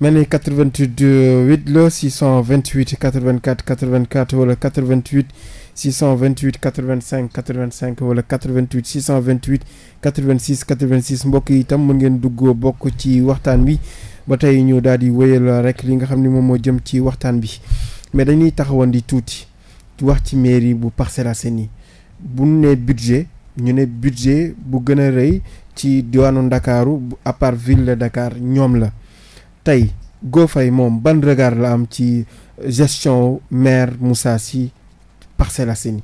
mel ni 88 8 la 628 84 84 wala 628 85 85 wala 88 628 86 86 mbokk yi itam mën ngeen dugg bokk ci waxtaan bi ba tey ñu daal di wéyal rek li nga xam ne moom moo jëm ci waxtaan bi mais dañuy taxawoon di tuuti wax ci mairie bu Parcelles Assainies bu ne budget ñu ne budget bu gën a rëy ci diwaanu ndakaaru à part ville de Dakar ñoom la tey Go Faye moom ban regard la am ci gestion maire Moussa Sy parce Assainies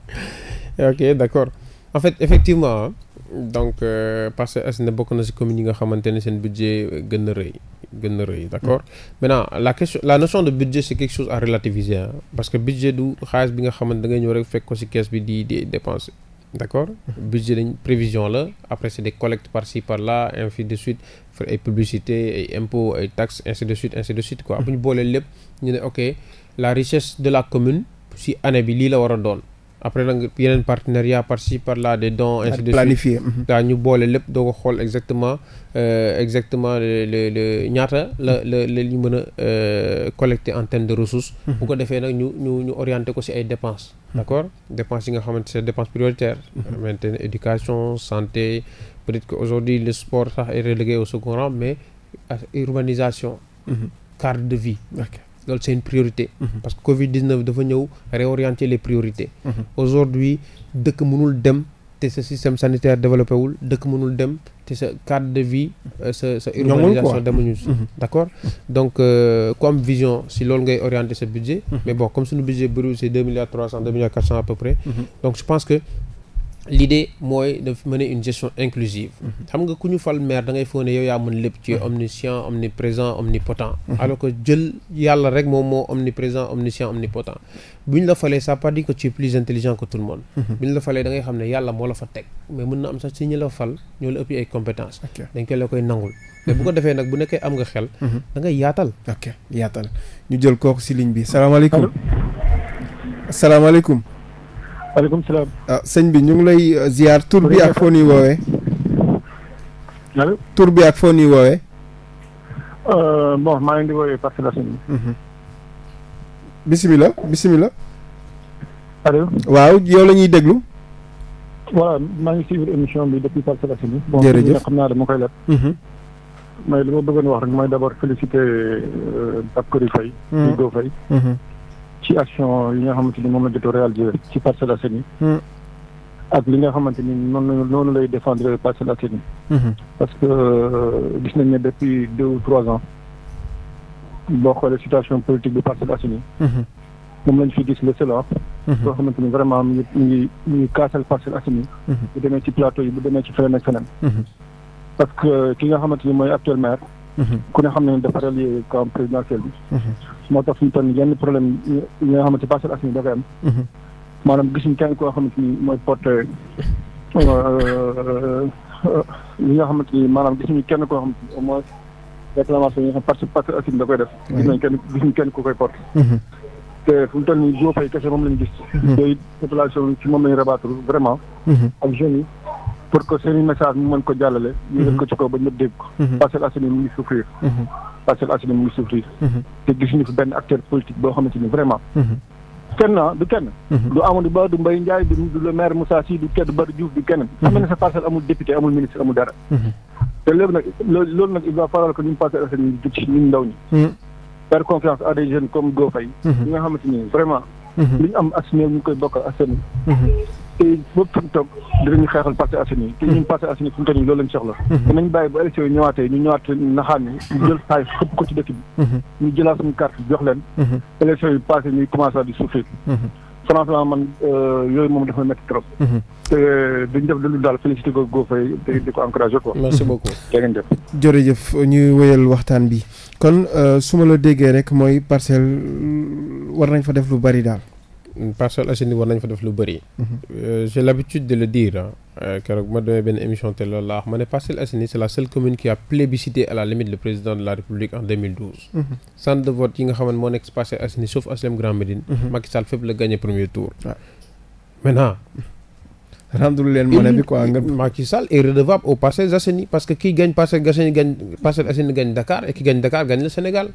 <laughs> ok d' accord en fait effectivement donc euh, Parcelles Assainies bokk na si commune yi nga xamante ne seen budget euh, gën na rëy gën accord mm. maintenant la question la de budget c' est quelque chose à relativiser hein, parce que budget du xaalis bi nga xamante da ngay ñëw rek fekk ko si caisse bi di di dépenser d' accord mm. budget dañ prévision la après c' est par par là ainsi de suite faire ay publicité ay impôts ay taxes ainsi de suite ainsi de suite quoi mm. bu ñu boolee lépp ñu ne ok la richesse de la commune si année bi lii la war a doon après nag yeneen partenariat par-ci par-là des dons ainsi de planifier daa mhm. ñu boole lépp doo ko xool exactement euh, exactement le le ñaata la la la ñu mën a euh, collecter en termes de ressources mhm. bu ko defee nag ñu ñu ñu orienté ko si ay dépenses mhm. d'accord dépenses yi nga xamante c'est dépenses prioritaires maintenant éducation santé peut-être que aujourd'hui le sport sax est relégué au second rang mais urbanisation cadre de vie loolu c'est une priorité mhm. parce que covid 19 dafa ñëw réorienter les priorités mhm. aujourd'hui dëkk mënul dem te sa système sanitaire développé dëkk mënul dem te sa cadre de vie euh, sa sa urbanisation demuñu si mhm. d'accord donc euh, ku vision si loolu ngay orienter sa budget mais bon comme suñu budget bëriwul c'est deux milliards trois cent deux milliards quatre cent à peu près donc je pense que l'idée mooy de mener une gestion inclusive mhm. xam nga ku ñu fal maire da ngay foog ne yow yaa mën lépp ci mhm. omniscient omniprésent omnipotent mhm. alors ko jël yàlla rek moom moo omniprésent omniscient omnipotent bu ñu la falee ça pas dit que tu es plus intelligent que tout le monde bu ñu la falee dangay xam ne yàlla moo la fa teg mais mën na am sax si ñi la fal ñoo la ëppi ay compétence dañ koy la koy nangul mais bu ko defee nag bu nekkee am nga xel da ngay yaatal ok yaatal ñu jël kooku si ligne bi salaamaaleykum waaleykum ah, bi ñu ngi lay euh, ziar tur bi ak foo ñuy woowee. tur bi ak foo ñuy woowee. Euh, bon maa ngi di woowee Parcelles Assainies. Mhm. bisimilah bisimilah. allo waaw yow la ñuy déglu. voilà maa ngi suivre émission bi depuis Parcelles Assainies. jërëjëf bon xam naa dama koy leb. Mhm. mais li ma bëggoon wax rek mooy d' ci action yi nga xamante ni moom la jot a réalisé ci Parcelles Assainies hmm. ak li nga xamante ni noonu noonu lay défendre Parcelles Assainies hmm. parce que euh, gis ne depuis deux ou trois ans boo xoolee situation politique bi Parcelles Assainies hmm. moom lañ fi le seul boo xamante vraiment mu ngi mu ngi mu ngi plateau yi bu demee ci feneen parce que ki nga xamante ni mooy actuel maire ku ne xam ne dafa relié camp présidentiel bi. moo tax suñu toll yenn problème yi nga xamante Parcelles Assainies da koy am. maanaam kenn koo xamante ni mooy porte li <laughs> euh, euh, nga xamante ni maanaam gisuñu kenn koo xamante ni au moins réclamation yi nga xam parce que Parcelles def. gis nañ kenn koy porte. Mhm. te fu mu toll nii góob ay kese moom lañu gis. Mhm. yooyu ci moom lañu rabattre vraiment. Mhm. ak jeunes pour que seen message ñu mën ko jàllale. mu ngi souffrir. Parcelles Assainies mu ngi souffrir. Mhm. Mhm. te gisuñu fi benn acteur politique boo xamante ni vraiment. Mhm. kenn ah du kenn. du Amadou Ba du Mbaye Ndiaye du le maire Moussa du kenn du Bada du kenn. xam nga ne sa parcelle amul député amul ministre amul dara. te loolu nag il va falloir que ñun Parcelles Assainies ñu ndaw ñi. faire confiance à des comme Go Faye. ñi nga xamante ni vraiment. li ñu am as néew koy bokk ak tey fépp fu ñu toog dinañu xeexal Parcelles Assainies te ñun Parcelles Assainies fu mu toll nii loolu lañ soxla dinañ mhm. bàyyi bu élection yi ñëwaatee ñu ñëwaat naxaan yi ñu jël saay xëpp ko ci dëkk bi mhm. ñu jëlaat suñu carte jox leen mhm. élection yi passé ñuy commencé di souffrir franchement man euh, yooyu moom dafa métti trop te duñ def lu daal félicité ko góo fay te di ko encouragé quoi merci <laughs> ñuy wéyal waxtaan bi kon euh, su ma la déggee rek mooy parcelle euh, war nañ fa def lu bari daal Parcelles Assainies war nañ fa def lu bëri. Mhm. Euh, j'ai l'habitude de le dire euh, keroog ma demee benn émission te loolu laa ma ne Parcelles Assainies c'est la seule commune a plébiscité à la limite le président de la République en 2012. Mhm. de vote yi nga xam moo nekk Parcelles Assainies sauf HLM Grand Médine. Mhm. Macky Sall la gagné premier tour. maintenant. rendre leen monnaie bi quoi nga. Macky Sall redevable aux Parcelles Assainies parce que kii gagne Parcelles Assainies gagne Parcelles Assainies gagne ki gagne Dakar gagne le Sénégal.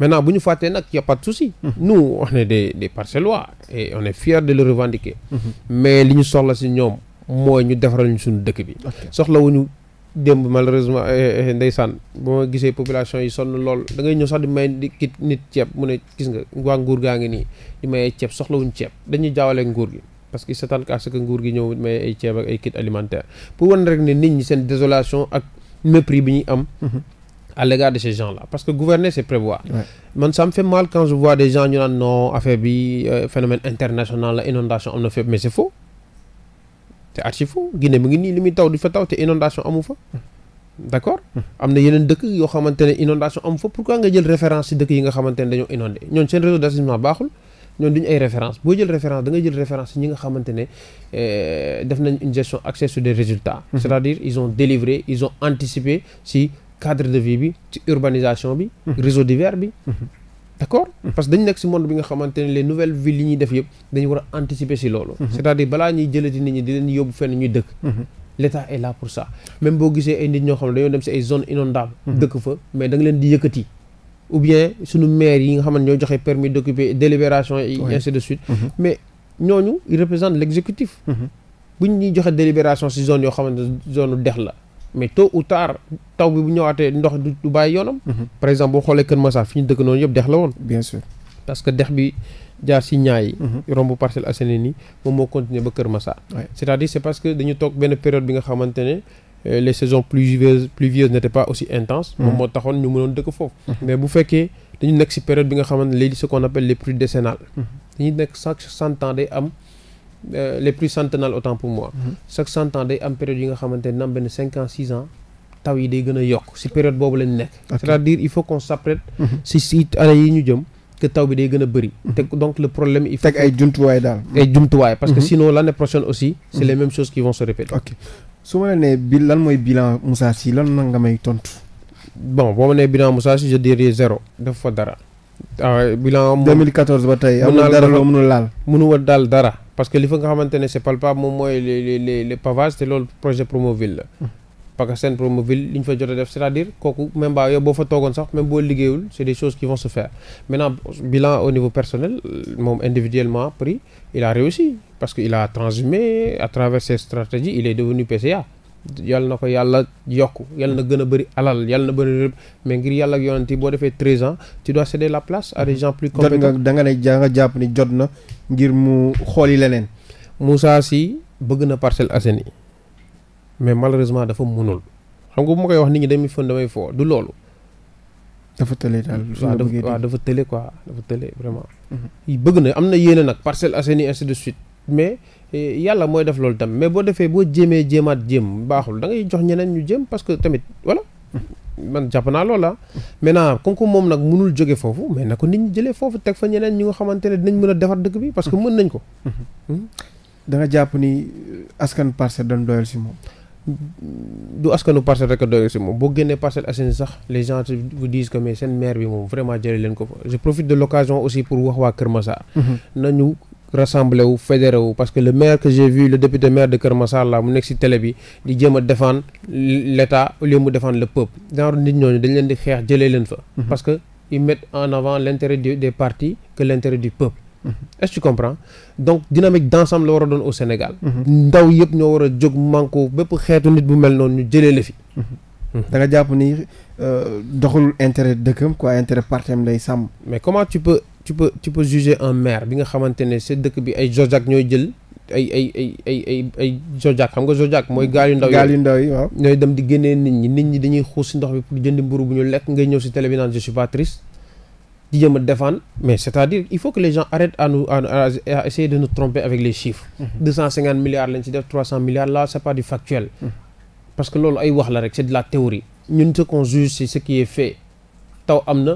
maintenant bu ñu fàttee nag y' a pas de souci. Mhm. nous on est des des parcellois et on est fiers de le revendiquer. Mhm. mais li ñu soxla si ñoom mooy ñu defaral ñu suñu dëkk bi. ñu démb malheureusement eh, eh, ndeysaan bu ma gisee population yi sonn lool da ngay ñëw sax di may di kit nit ceeb mu ne gis nga waa nguur gaa ngi nii di mayee ceeb soxlawuñu ceeb dañuy jaawale nguur gi. parce que s'attendent à ce que nguur gi ñëw may ay ceeb ak ay kit alimentaire pour wan rek ne nit ñi seen désolation ak mépris bi ñuy am. Mhm. à l'égard de ces gens-là parce que gouverner c'est prévoir man ça me fait mal quand je vois des gens ñu naan non affaire bi euh, phénomène international la inondation am na fépp mais c'est faux c'est archi faux Guinée mi ngi nii li muy taw di fa taw te inondation amu fa d'accord hmm. na yeneen dëkk yoo xamante ne inondation amu fa pourquoi nga jël référence ci dëkk yi nga xamante ne dañoo inondé ñoon seen réseau d'assainissement baaxul ñoom duñu ay référence boo jël référence da ngay jël référence ñi nga xamante ne euh, def nañ une gestion axée sur des résultats. Hmm. c'est-à-dire ils ont délivré ils ont anticipé si cadre de vie bi ci urbanisation bi. Mhm. réseau divers bi. Mhm. d'accord mhm. parce que dañu nekk ci monde bi nga xamante ne les nouvelles villes yi ñuy def yëpp dañu war a anticiper ci loolu. c'est-à-dire balaa ñuy jëlati nit ñi di leen yóbbu fenn ñuy dëkk. l'État est là pour ça même boo gisee ay nit ñoo xam ne dañoo dem ci ay zones inondables. dëkk fa mais da nga leen di yëkkati. ou bien sunu maire yi nga xam ne ñoo joxe permis d'occuper délibération yi ainsi de suite. mais ñooñu la. mais tôt ou tard taw bi bu ñëwaatee ndox du bàyyi yoonam. Mhm. par exemple boo xoolee Kër Massar fi ñu dëkk noonu yëpp dex la woon. bien parce que dex bi jaar si ñaay. Mhm. romb Parcelles Assainies nii moom moo continuer ba Kër Massar. c'est-à-dire c'est parce que dañu toog benn période bi nga xamante ne. Euh, les saisons pluvieuses pluvieuses n'étaient pas aussi intenses. Mhm. moom moo taxoon ñu mënoon dëkk foofu. mais bu fekkee dañu nekk si période bi nga xamante ne léegi nekk chaque cent ans day am. Euh, les plus centennales autant pour moi. Mhm. chaque cent day am période yi nga xamante ne am benn cinq ans six ans. taw yi day gën a yokk si période boobu lañ nekk. c'est-à-dire il faut qu'on s'apprête mhm. si si année yi ñu jëm. taw bi day gën a bëri. Mhm. te donc le problème il ay jumtuwaay daal. jumtuwaay parce que sinon l'année prochaine aussi. c'est les mêmes choses qui vont se répéter. su ma la nee lan mooy bilan Moussa Sy lan nga may tontu. bon boo ma nee bilan Moussa Sy je zéro def fa dara. waaw ah, bilan 2014 ba tey amul dara loo mënul laal mënu wa daal dara parce que li fa nga xamante ne c'est palpable moom mooy les les les pavage te loolu projet Promoville la hmm. parce que seen Promoville li ñu fa jot a def c'est-à-dire kooku même baa yow boo fa toogoon sax même boo liggéeyul c'est des choses qui vont se faire maintenant bilan au niveau personnel moom individuellement pris il a réussi parce que il a transhumé à travers ses stratégies il est devenu PCA yàlla na ko yàlla yokk yal na gën a bëri alal yal na bëri rëbb mais ngir yàlla ak yonent boo defee treize ans tu dois céder la place à des gens plus compétents da nga ne da jàpp ni jot na ngir mu xool yi leneen Moussa Sy bëgg na Parcelles Assainies mais malheureusement dafa mënul xam nga bu ma koy wax nit ñi dañuy fën damay foo du loolu dafa tële daal waaw dafa tële quoi dafa tële vraiment mhm. bëgg na am na yéene nag Parcelles Assainies ainsi de suite mais eh, yàlla mooy def loolu tam mais boo defee boo jéemee jéemaat jéem baaxul da ngay jox ñeneen ñu jéem parce que tamit voilà man jàpp naa loola ah. maintenant comme que moom nag mënul jóge foofu mais na ko nit ñi jëlee foofu teg fa ñeneen ñi nga xamante ne dinañ mën a defar dëkk bi parce que mën nañ ko danga jàpp ni euh, askan Parcelles dañ doyal si moom du askanu Parcelles rek a doyal si moom boo génnee Parcelles Assainies sax les gens vous disent que mais seen maire bi moom vraiment jële leen ko fa je profite de l'occasion aussi pour wax waa Kër Massar mhm. rassemblé wu fédéré parce que le maire que j'ai le député maire de Kër Massar mu nekk ci télé bi di jéem a défendre l'État au lieu mu défendre le peuple genre nit ñooñu dañ leen di xeex jëlee leen fa mhm. parce que ils mettent en avant l'intérêt des partis que l'intérêt du peuple mhm. est-ce que tu comprends donc dynamique d'ensemble la war a doon au Sénégal mhm. ndaw yëpp ñoo war a jóg manko bépp xeetu nit bu mel noonu ñu jëlee la fi da jàpp ni euh, doxul intérêt dëkkam quoi intérêt parti am lay sàmm mais comment tu peux tu peux juger maire bi nga xamante ne sa dëkk bi ay Zodiac ñooy jël ay ay ay ay ay ay Zodiac xam nga Zodiac mooy gaal yu ndaw yi gaal yu waaw ñooy dem di génnee nit ñi nit ñi dañuy xuus si ndox bi pour jëndi mburu bu ñu lekk ngay ñëw si télé bi naan je suis di jëm a défendre mais c'est-à-dire il faut que les gens arrêtent à nous à essayer de nous tromper avec les chiffres mhm. deux cent lañ si def trois cent milliards là c'est pas du factuel mhm. parce que loolu ay wax la rek c'est de la théorie ñun ce qu'on juge c'est ce qui est fait taw am na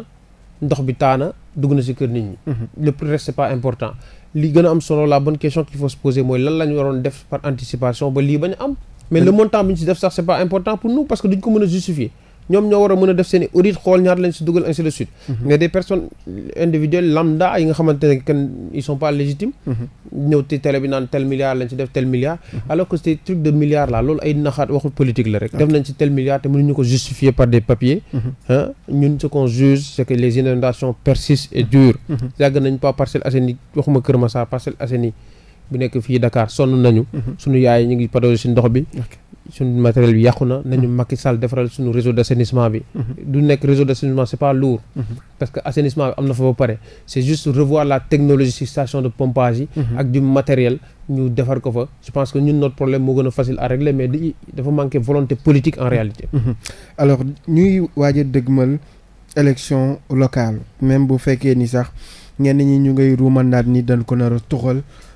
ndox bi taana dugg na si kër nit ñi. Mhm. le reste c'est pas important. li gën a am solo la bonne question qu'il faut se poser mooy lan la waroon def par anticipation ba lii bañ a am. mais le montant bi ñu ci def sax c'est pas important pour nous parce que duñ ko mën a justifier. ñoom ñoo war a mën a def seen i audit xool ñaar lañ si dugal ainsi de suite mhm. mais des personnes individuelles lambda yi nga xamante ne kenn ils sont pas légitimes mhm. ñëw ci télé bi naan tel milliard lañ si def tel milliard mhm. alors que ces trucs de milliards là loolu ay naxaat waxul politique la rek def nañ si tel milliard te mënuñu ko justifier par des papiers ah ñun ce qu'on juge c'est que les inondations persistent et durent yàgg nañ pas Parcelles Assainies waxuma Kër Massar bu nekk fii Dakar sonn nañu. Mhm. suñu yaay ñu ngi padool si ndox bi. suñu matériel bi yàqu na nañu mhm. Macky Sall defaral suñu réseau d' assainissement bi mhm. du nekk réseau d' assainissement c' pas lourd parce que assainissement bi am na fa ba pare c' juste revoir la technologie si station de pompage yi ak du matériel ñu defar ko fa je pense que ñun notre problème moo gën a facile à régler mais di dafa manqué volonté politique en réalité alors ñuy waaj a même bu fekkee ni sax ñenn ñi ñu ngay ruumandaat ni dañ ko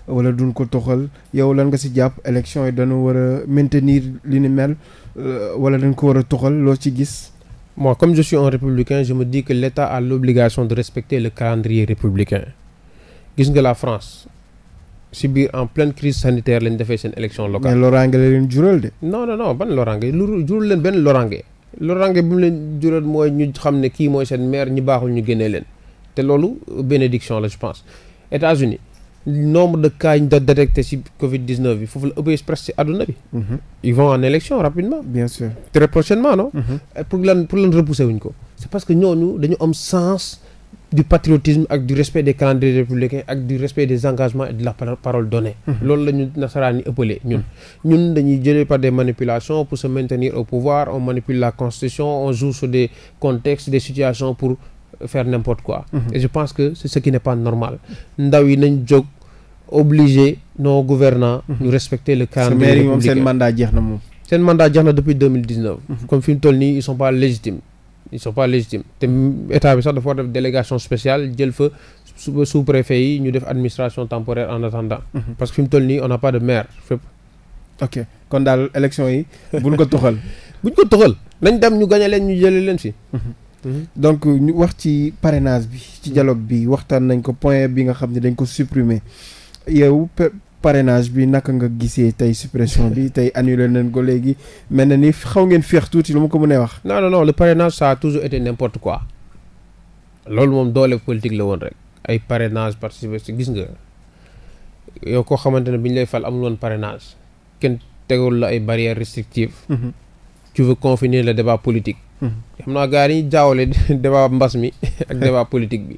wala duñ ko toxal yow lan nga si jàpp élection yi dañu war a maintenir li ni mel euh, wala dañ ko war a toxal loo ci gis. moi comme je suis un républicain je me dis que l'État a l'obligation de respecter le calendrier républicain gis nga la France si biir en pleine crise sanitaire lañ defee seen élection locale. mais loraange la leen jural de. non non non ban loraange lu jurul leen benn loraange. loraange bi mu leen jural mooy ñu xam ne kii mooy seen maire ñi baaxul ñu génnee leen te loolu bénédiction la je pense nombre de cas yi ñu doon détecté ci Covid 19 bi foofu la ëppee presque ci àdduna bi. Mhm. ils vont en élection rapidement. bien très prochainement non. Mhm. pour lan pour wuñ ko. c'est parce que ñooñu dañu am sens du patriotisme ak du respect des calendriers républicains ak du respect des engagements et de la parole donnée. Mhm. loolu la nasaraan yi ëppalee ñun. ñun dañuy jëlee par des manipulations pour se maintenir au pouvoir on manipule la constitution on joue sur obliger nos gouvernants mhm. ñu respecter le calendrier républicain moom seen mandat jeex na moom seen mandat jeex na depuis deux mille dix neuf mhm. comme fi mu toll nii ils sont pas légitimes ils sont pas légitimes te état bi sax dafa war def délégation spéciale jël fa sous préfet yi ñu def administration temporaire en attendant mhm. parce que fi toll nii on n'a pas de maire fépp ok kon daal élection yi buñ ko tuxal <laughs> buñ ko toxal nañ dem ñu gañe leen ñu jële leen fi donc ñu wax ci parrainage bi ci dialogue bi waxtaan nañ ko point bi nga xam ne dañ ko supprimer yow parrainage bi naka nga gisee tey suppression bi <laughs> tey annulé nañ ko léegi mel na ni xaw ngeen feex tuuti lu ma ko mënee wax. non non non le parrainage ça a toujours été n'importe quoi loolu moom doole politique la woon rek ay parrainage participation gis nga yow koo xamante ne bi ñu lay fal amul woon parrainage kenn tegul la ay barrières restrictives. Mhm. tu veux confiner le débat politique. Mhm. xam naa gars yi jaawale <laughs> débat mbas mi <laughs> ak débat politique bi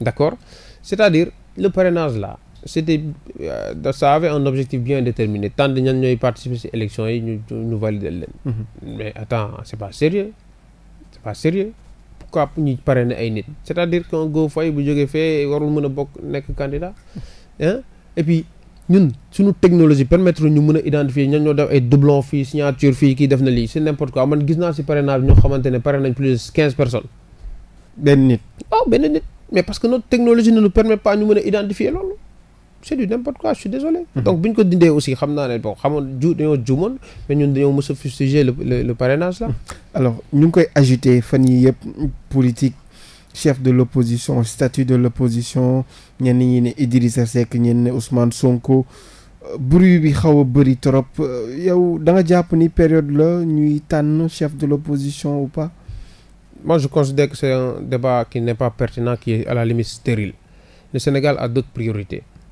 d'accord c'est-à-dire le parrainage là. c'était euh, ça avait un objectif bien déterminé tant de ñan ñooy participer ci élection yi ñu ñu valider leen. Mhm. mais attends c'est pas sérieux c'est pas sérieux ay nit. cest dire que Go Faye bu jógee fee warul mën a bokk nekk candidat hein et puis ñun suñu technologie permettre ñu mën a identifier ñan ñoo def ay doublon fii signature fii kii def na lii c'est n'importe quoi man gis naa pare naa ñoo xamante ne parrain nañ plus de quinze personnes. benn nit. waaw oh, benn nit mais parce que notre technologie ne nous permet pas ñu mën a identifier loolu. c'est du n'importe quoi je suis désolé. Mm -hmm. donc bu ñu ko dindee aussi xam naa ne bon xamoon ju dañoo juumoon mais ñun dañoo mos a le le le parrainage mhm. alors ñu ngi koy agité fan yi yëpp politique. chef de l'opposition statut de l'opposition ñenn ñi ne Idrissa Seck ñenn ne Ousmane Sonko euh, bruit bi xaw a bëri trop euh, yow da jàpp ni période la ñuy tànn chef de l'opposition ou pas moi je considère que c'est un débat qui n'est pas pertinent qui est à la limite stérile Sénégal a d'autres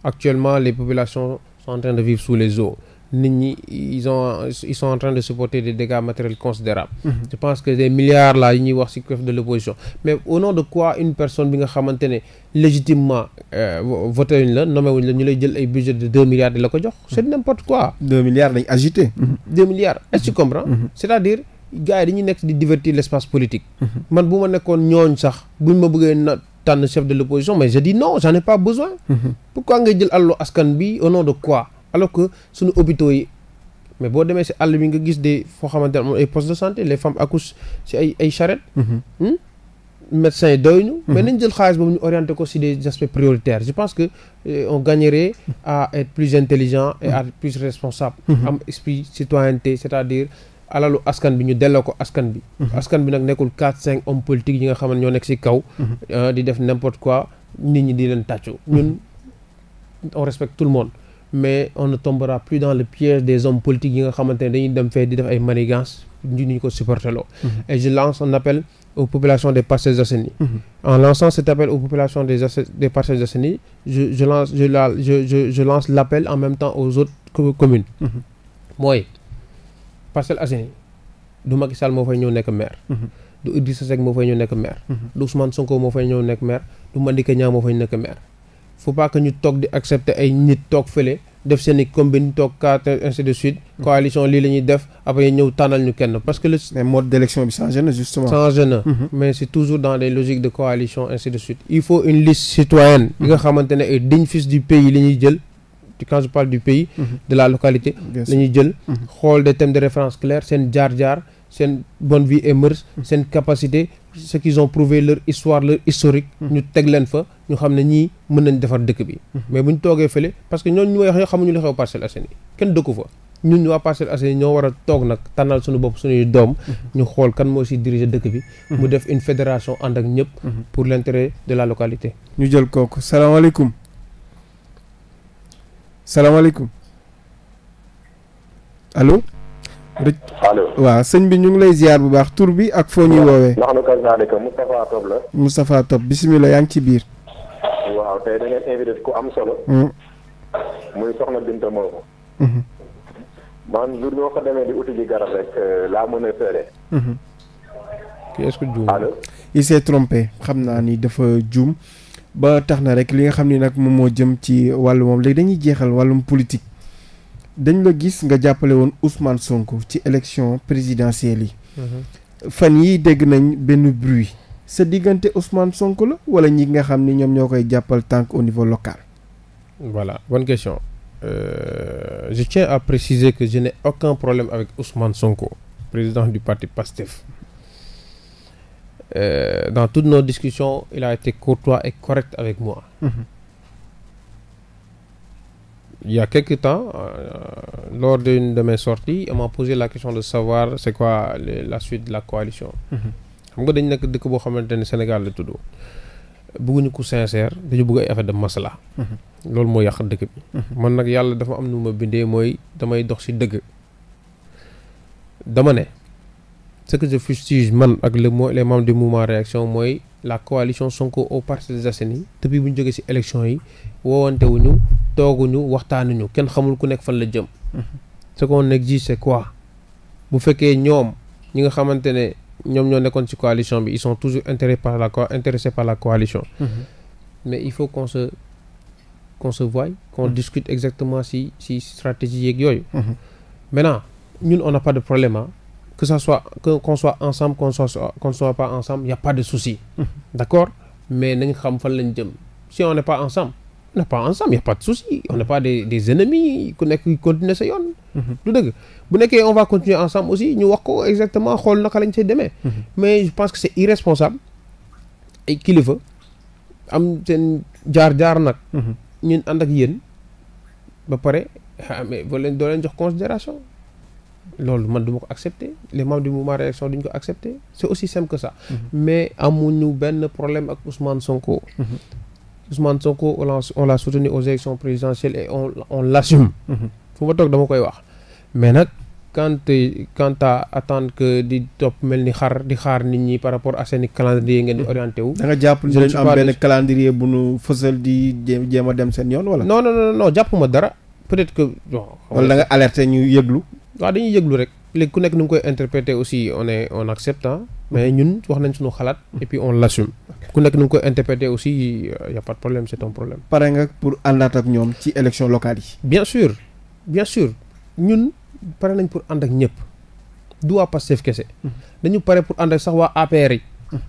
actuellement les populations sont en train de vivre sous les eaux nit ñi ils ont en train de supporter des dégâts matériels considérables mhm. je pense que des milliards là yi ñuy wax ci chef de l'opposition mais au nom de quoi une personne bi nga xamante ne légitimement euh, voté wuñ la nommé wuñ la ñu lay jël ay budget de deux milliards di la ko jox mhm. c'est n'importe quoi deux milliards lañ agité mhm. deux milliards est-ce que c'est-à-dire gars di divertir l'espace tànn chef de l'opposition mais je dis non j'en ai pas besoin mhm. pourquoi ngay jël àllu askan bi au nom de quoi alors que suñu hôpitaux yi mais boo demee si àll bi nga gis de foo xamante ne ay postes de santé les femmes accouchent si ay ay charrette mhm. hmm? médecins yi doy ñu mais mhm. nañ jël xaalis boobu ñu orienté ko si des aspects prioritaires je pense que euh, on gagnerait à être plus intelligent et à être plus responsable am esprit citoyenneté c'est-à-dire alalu askan bi ñu delloo ko askan bi mhm. askan bi nag nekkul quatre cinq hommes politiques yi nga xam ne ñoo nekk ci kaw mhm. euh, di def n'importe quoi nit ñi di leen tàccu mhm. ñun on respecte tout le monde mais on ne tombera plus dans le piège des hommes politiques yi nga xamante ne dañuy dem fee di def ay manigances ñu ñu ko supporté loo et je lance un appel aux populations des Parcelles Assainies mm en lançant cet appel aux populations des des Parcelles Assainies je je lance je la je je, je lance l'appel en même mooy Parcelles Assainies du Macky du Idrissa moo fay ñëw nekk maire. Mhm. Mhm. du Ousmane Sonko moo fay ñëw nekk maire du Madické Niang moo fay nekk maire. faut pas ñu toog di accepter ay nit toog fële def seen i combine toog carte ainsi de suite. Mhm. coalition lii la def après ñëw tànnal ñu kenn parce que le. mais mode d'élection bi changé na justement. changé na mais c'est toujours dans des de coalition ainsi de suite. il faut une liste citoyenne. bi nga xamante ay dignes fils du pays li ñuy quand je parle du pays mhm. de la localité la jël mhm. xool des thèmes de référence clairs seen jaar-jaar seen bonne vie et mœurs mhm. seen capacité ce qu'ils ont prouvé leur histoire leur historique ñu teg leen fa ñu xam ne ñii mën nañ defar dëkk bi mais bu ñu toogee fële parce que ñooñu ñu may wax ñoo xamuñu li xew Parcelles Assainies kenn dëkku fa ñun waa Parcelles Assainies ñoo war a toog nag tànnal suñu bopp suñuy doom ñu xool kan moo si diriger dëkk bi mu def une fédération ànd ak de la localité ñu jël salaamaaleykum allo. allo waaw sëñ bi ñu ngi lay ziar bu baax tur bi ak foo ñuy woowee. ndax nu kazaalika Moustapha Top la. Moustapha Top bisimilah yaa ngi ci biir. waaw tey da ngeen ku am solo. Hmm. muy soxna Binta moomu. Hmm. man jur boo ko demee di uti ji garab rek euh, laa mën a seede. Hmm. est-ce juum. allo il s'est xam naa ni dafa juum. ba tax na rek li nga xam ni nag moom moo jëm ci wàllu moom léegi dañuy jeexal wàllum politique dañ la gis nga jàppale woon Ousmane Sonko ci élection présidentielle yi. Mm-hmm. fan yi dégg nañ benn bruit. sa diggante Ousmane Sonko la wala ñi nga xam ni ñoom ñoo koy jàppal tànk au niveau local. voilà bonne question euh, je tiens préciser que je n'ai aucun problème avec Ousmane Sonko président du parti PASTEF. Euh, dans tout nos discussions, il a été courtois et correct avec moi. Mmh. Il y a quelque temps, euh, lors d'une de mes sorties, on la question de savoir c'est quoi le, la suite de la coalition. Mhm. xam nga dañ nekk dëkk boo xamante ne Sénégal la tudd. bëgguñu ko sincère dañu bëgg ay affaire de masala mhm. loolu moo yàq dëkk bi. Mhm. man nag yàlla dafa am nu ma bindee mooy damay dox ci dëgg. dama ne. ce que je fustige man ak le les membres du mouvement réaction mooy la coalition Sonko au Parcelles Assainies depuis bu ñu jógee ci élection yi woowante tooguñu waxtaanuñu kenn xamul ku nekk fan la jëm. Mhm. ce qu'on exige c'est quoi bu fekkee ñoom ñi nga xamante ne ñoom ñoo nekkoon ci coalition bi ils sont toujours intéressés par la intéressés par coalition. Mhm. mais il faut qu'on se qu'on se voie qu'on mm discute exactement ci ci stratégie yeeg yooyu. Mhm. maintenant ñun on n'a pas de problème que ça soit que qu'on soit ensemble qu'on soit qu'on soit pas ensemble y a pas de souci mhm. d'accord mais nañ xam fan lañ jëm si on n'est pas ensemble on n'est pas ensemble y a pas de souci on n'est pas des des ennemis ku nekk continuer sa yoon mhm. du dëgg bu nekkee on va continuer ensemble aussi ñu wax ko exactement xool naka lañ say demee mhm. mais je pense que c'est irresponsable ay kilifa am seen jaar-jaar nag ñun ànd ak yéen ba pare ah, mais doo leen jox considération loolu man du ma ko accepter les membres du mouvement réaction duñ ko accepter c'est aussi simple que ça. Mm-hmm. mais amuñu benn problème ak Ousmane Sonko. Mm-hmm. Ousmane Sonko on l'a on l'a soutenu aux élections et on on l'assume. Mm-hmm. fu ma toog dama koy wax mais nag. quant quant à attendre que di topp mel ni xaar di xaar nit ñi par rapport à seen calendrier ngeen di orienté wu. nga jàpp ne dañu am benn calendrier bu nu fësal di jéem a dem seen yoon wala. noo noo non non jàppuma dara peut-être que bon. wala ñu yëglu. waaw dañuy yéglu rek léegi ku nekk nu ngi koy interpréter aussi on est on accepte mais ñun wax nañ suñu xalaat et puis on l'assume ku nekk nu ngi koy interpréter aussi y a pas de problème c'est un problème pare nga pour àndaat ak ñoom ci élection locale yi bien sûr bien sûr ñun pare nañ pour ànd ak ñëpp du waa Pastef kese dañu pare pour ànd ak sax waa APR yi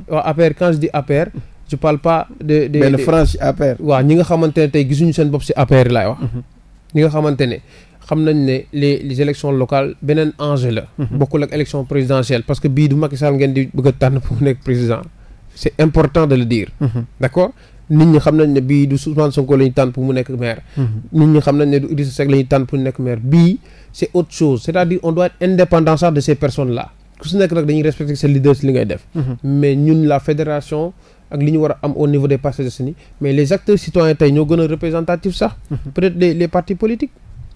waa APR quand je dis APR je parle pas de de benn franche APR waaw ñi nga xamante ne tey gisuñu seen bopp si APR laay wax mhm. ñi nga xamante ne xam nañ ne les les élections beneen enjeu la. Mhm. bokkul ak élection présidentielle parce que bii du Macky Sall ngeen di bëgg tànn pour nekk président c' important de le dire. Mhm. d' nit ñi xam nañ ne bii du Ousmane Sonko la tànn pour mu nekk maire. Mhm. nit ñi xam nañ ne du Idrissa Seck la ñu tànn pour nekk maire bii c' autre chose c' à dire on doit être indépendant sax de ces personnes là ku si nekk nag dañuy respecter seen leader li ngay def.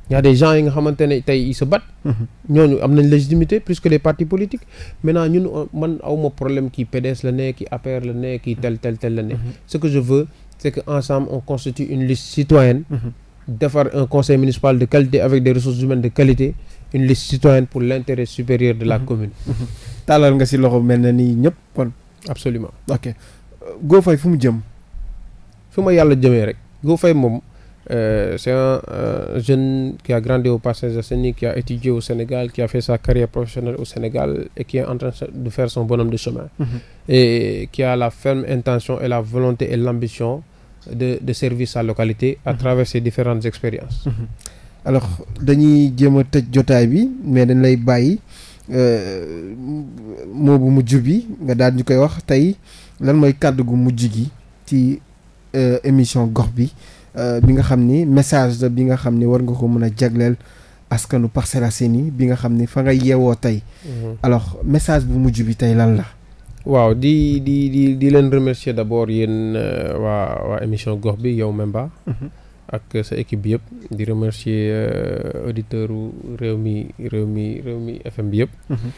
y a des gens yi nga xamante ne tey ils se mhm. ñooñu am nañ légitimité plus que les partis politiques maintenant ñun euh, man awma problème kii PDS la ne kii APR la ne kii tel tel tel la ne. Mhm. ce que je veux c'est que ensemble on constitue une liste citoyenne. Mhm. defar un conseil municipal de qualité avec des ressources humaines de qualité une liste citoyenne pour l'intérêt supérieur de la commune. taalal nga ci loxo mel na ni ñëpp kon. absolument ok euh, Go Faye fu mu jëm. Euh, c'est un euh, jeune qui a grandi au Parcelles-Assainies, qui a étudié au Sénégal, qui a fait sa carrière professionnelle au Sénégal et qui est en train de faire son bonhomme de chemin. Mm-hmm. Et qui a la ferme intention et la volonté et l'ambition de, de servir sa localité à mm -hmm. travers ses différentes expériences. Mm dañuy jéem a tëj jotaay bi mais dañ lay bàyyi euh, moo bu mujj bi nga daal ñu koy wax tey lan mooy kàddu gu mujj gi ci euh, émission gox bi. Euh, bi nga xam ni message bi nga xam ni war nga ko mën a jagleel askanu Parcelles Assainies bi nga xam ni fa nga yeewoo tey. Mhm. alors message bu mujj bi tey lan la. waaw di di di di leen remercier d'abord yéen euh, waa waa émission gox bi yow Memba. Mhm. ak sa équipe bi yëpp. di remercier euh, auditeurs u réew mi réew mi réew mi FM bi yëpp. Mhm.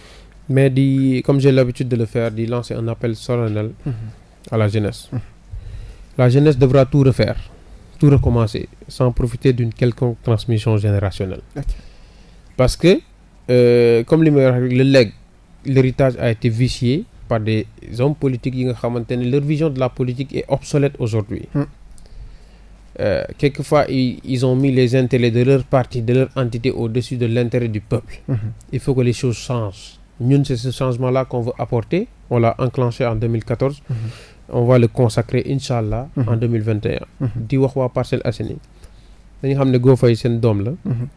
mais di comme j'ai l'habitude de le di lancer un appel solennel. à la jeunesse. la jeunesse devra tout refaire. tout recommencer sans profiter d'une quelconque transmission générationnelle. Okay. Parce que, euh, comme li may wax rek le legs l'héritage a été vicié par des hommes politiques yi nga xamante ne leur vision de la politique est obsolète aujourd'hui mm. euh, quelquefois ils, ils ont mis les intérêts de leur parti de leur entité au-dessus de l'intérêt du peuple mm -hmm. il faut que les choses changent ñun c'est ce changement-là qu'on veut apporter on l'a enclenché en on va le consacrer incha allah. Mhm. en mille vingt et mhm. di wax waa Parcelles Assainies dañu xam ne Go Faye seen doom la. Mhm.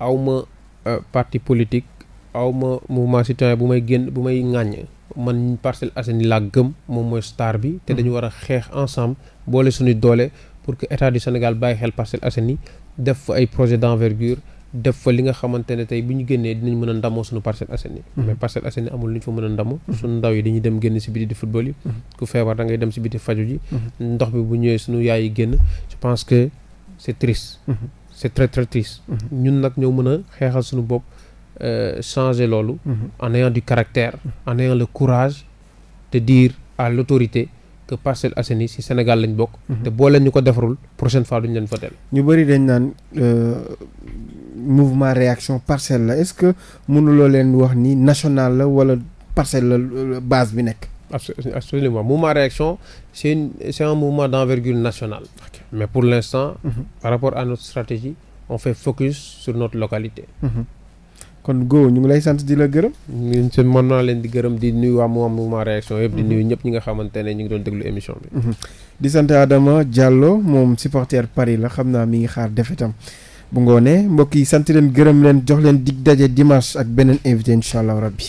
aw ma euh, parti politique aw ma mouvement citoyen bu may génn bu may ŋàññ. man Parcelles Assainies laa gëm moom mooy star bi. te dañu war a xeex ensemble boole suñuy doole pour que état du Sénégal bàyyi xel Parcelles Assainies def fa ay projet d'envergure. def fa li nga xamante tey bu ñu génnee dinañ mën a ndamoo suñu Parcelles Assainies mhm. mais Parcelles Assainies amul lu ñu fa mën a ndamoo mhm. suñu ndaw yi dañuy dem génn si biti di football yi mhm. ku feebar da dem si biti faju ji ndox bi bu ñëwee suñu yaay yi génn je pense que c'est triste c'est très ñun nag ñoo mën a xeexal suñu bopp euh, changer loolu en ayant du caractère en ayant le courage de dire à l'autorité que Parcelles Assainies ci Sénégal lañ bokk te boo leen ñu ko defarul prochaine fois duñ leen mouvement réaction parcelle la est-ce que mënuloo leen wax nii national la wala parcelle la euh, base bi nekk. absolument mouvement réaction c'est une c'est un mouvement d'envergure nationale. Okay. mais pour l'instant. Mm par rapport à notre stratégie on fait focus sur notre localité. Mm kon Go ñu ngi lay sant di la gërëm. ñun seen mën naa leen di gërëm di nuyu waa mouvement réaction yëpp. di mhm. nuyu ñëpp ñi nga xamante ne ñu ngi doon déglu émission bi. Mhm. di sant Adama Diallo moom supporter Paris la xam naa mi ngi xaar defe tam bu ngoonee mbokk yi sant leen gërëm leen jox leen dig daje dimanche ak beneen invité incha allah rabbi